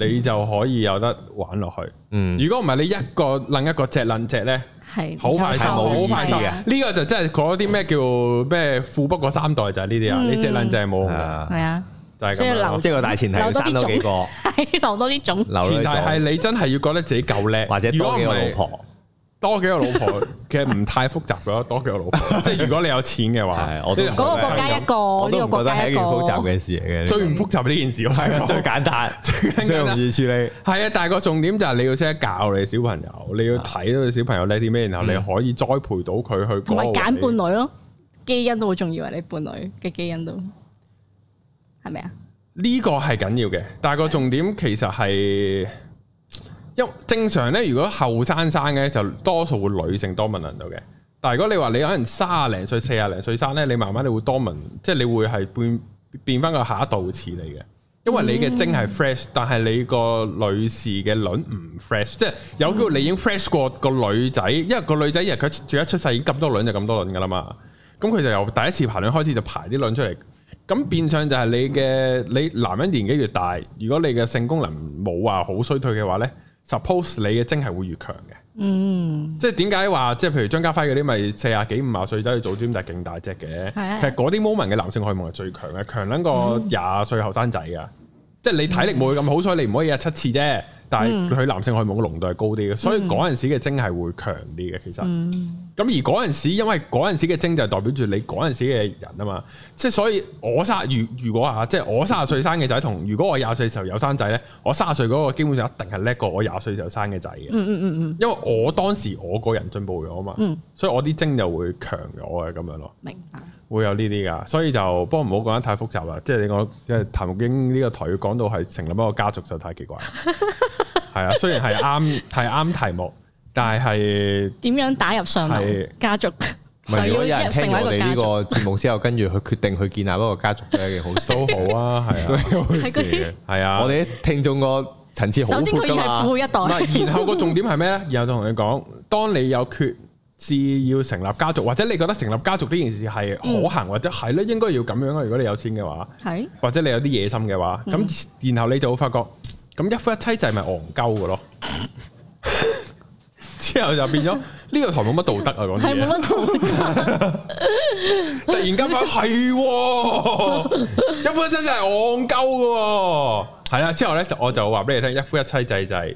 你就可以有得玩落去。嗯，如果唔係你一個掕一個隻掕隻咧，係好快山，好快山。呢個就真係嗰啲咩叫咩富不過三代就係呢啲啊！你隻掕隻冇啊，係啊，就係咁。即係留，個大前提，要生多幾個，留多啲種。前提係你真係要覺得自己夠叻，或者多幾個老婆。多幾個老婆，其實唔太複雜噶。多幾個老婆，即係如果你有錢嘅話，係我嗰個國家一個，呢個國家一個，覺得係一件複雜嘅事嚟嘅。最唔複雜呢件事，係最簡單，最容易處理。係啊，但係個重點就係你要識得教你小朋友，你要睇到你小朋友叻啲咩，然後你可以栽培到佢去。同埋揀伴侶咯，基因都好重要啊！你伴侶嘅基因都，係咪啊？呢個係緊要嘅，但係個重點其實係。正常咧，如果後生生嘅就多數會女性多 o m 到嘅。但係如果你話你可能三啊零歲、四啊零歲生咧，你慢慢會、就是、你會多 o 即係你會係變變翻個下一道似嚟嘅。因為你嘅精係 fresh，但係你個女士嘅卵唔 fresh，即係有機會你已經 fresh 過女、嗯、個女仔。因為個女仔一日佢住一出世已經咁多卵就咁多卵噶啦嘛，咁佢就由第一次排卵開始就排啲卵出嚟。咁變相就係你嘅你男人年紀越大，如果你嘅性功能冇話好衰退嘅話咧。suppose 你嘅精係會越強嘅，嗯，即係點解話即係譬如張家輝嗰啲咪四廿幾五廿歲走去做 gym 係勁大隻嘅，啊、其實嗰啲 moment 嘅男性荷爾蒙係最強嘅，強過廿歲後生仔嘅，嗯、即係你體力冇咁好，嗯、所以你唔可以日七次啫，但係佢男性荷爾蒙嘅濃度係高啲嘅，所以嗰陣時嘅精係會強啲嘅，嗯、其實。嗯咁而嗰陣時，因為嗰陣時嘅精就代表住你嗰陣時嘅人啊嘛，即係所以我卅如如果啊，即係我卅歲生嘅仔同如果我廿歲時候有生仔咧，我卅歲嗰個基本上一定係叻過我廿歲時候生嘅仔嘅。嗯嗯嗯嗯。因為我當時我個人進步咗啊嘛，嗯、所以我啲精就會強咗嘅咁樣咯。明白。會有呢啲噶，所以就不過唔好講得太複雜啦。即係你講即係談育鷹呢個台要講到係成立一個家族就太奇怪啦。係啊， 雖然係啱係啱題目。但係點樣打入上流家族？咪要有人聽你呢個節目之後，跟住去決定去建立一個家族嘅好都好啊，係啊，係嗰啲係啊，我哋聽眾個層次好闊噶，首先佢係富一代，然後個重點係咩咧？然後就同你講，當你有決定要成立家族，或者你覺得成立家族呢件事係可行，或者係咧，應該要咁樣啊。如果你有錢嘅話，係，或者你有啲野心嘅話，咁然後你就會發覺，咁一夫一妻制咪戇鳩嘅咯。之後就變咗呢個台冇乜道德啊，講啲嘢， 突然間話係一夫一妻真就係戇鳩㗎，係啦。之後咧就我就話俾你聽，一夫一妻制、哦啊、就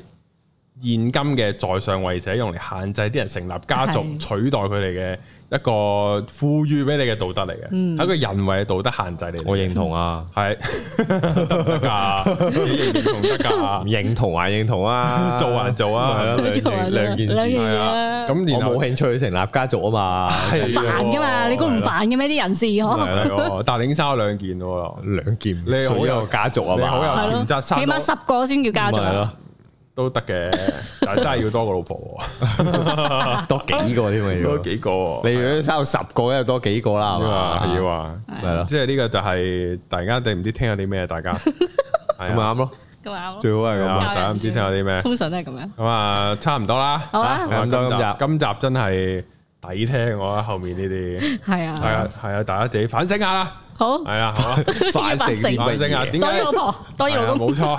現今嘅在上位者用嚟限制啲人成立家族，取代佢哋嘅一個賦予俾你嘅道德嚟嘅，係一個人為嘅道德限制嚟。我認同啊，係得唔得㗎？認同得㗎？唔認同還認同啊？做啊，做啊？係咯，兩兩件事。咁你冇興趣成立家族啊嘛，煩㗎嘛？你估唔煩嘅咩？啲人士可能。但係你生咗兩件喎，兩件，所有家族啊嘛，好係咯，起碼十個先叫家族。都得嘅，但係真係要多個老婆，多幾個添要，多幾個，你如果生到十個，又多幾個啦係嘛，係要啊，係啦，即係呢個就係大家定唔知聽下啲咩，大家咁咪啱咯，咁咪啱，最好係咁，大家唔知聽下啲咩，通常都係咁樣，咁啊差唔多啦，好啊，今集，今集真係抵聽我啊，後面呢啲係啊，係啊，係啊，大家自己反省下啦，好係啊，反省下，點解老婆當依老婆？冇錯。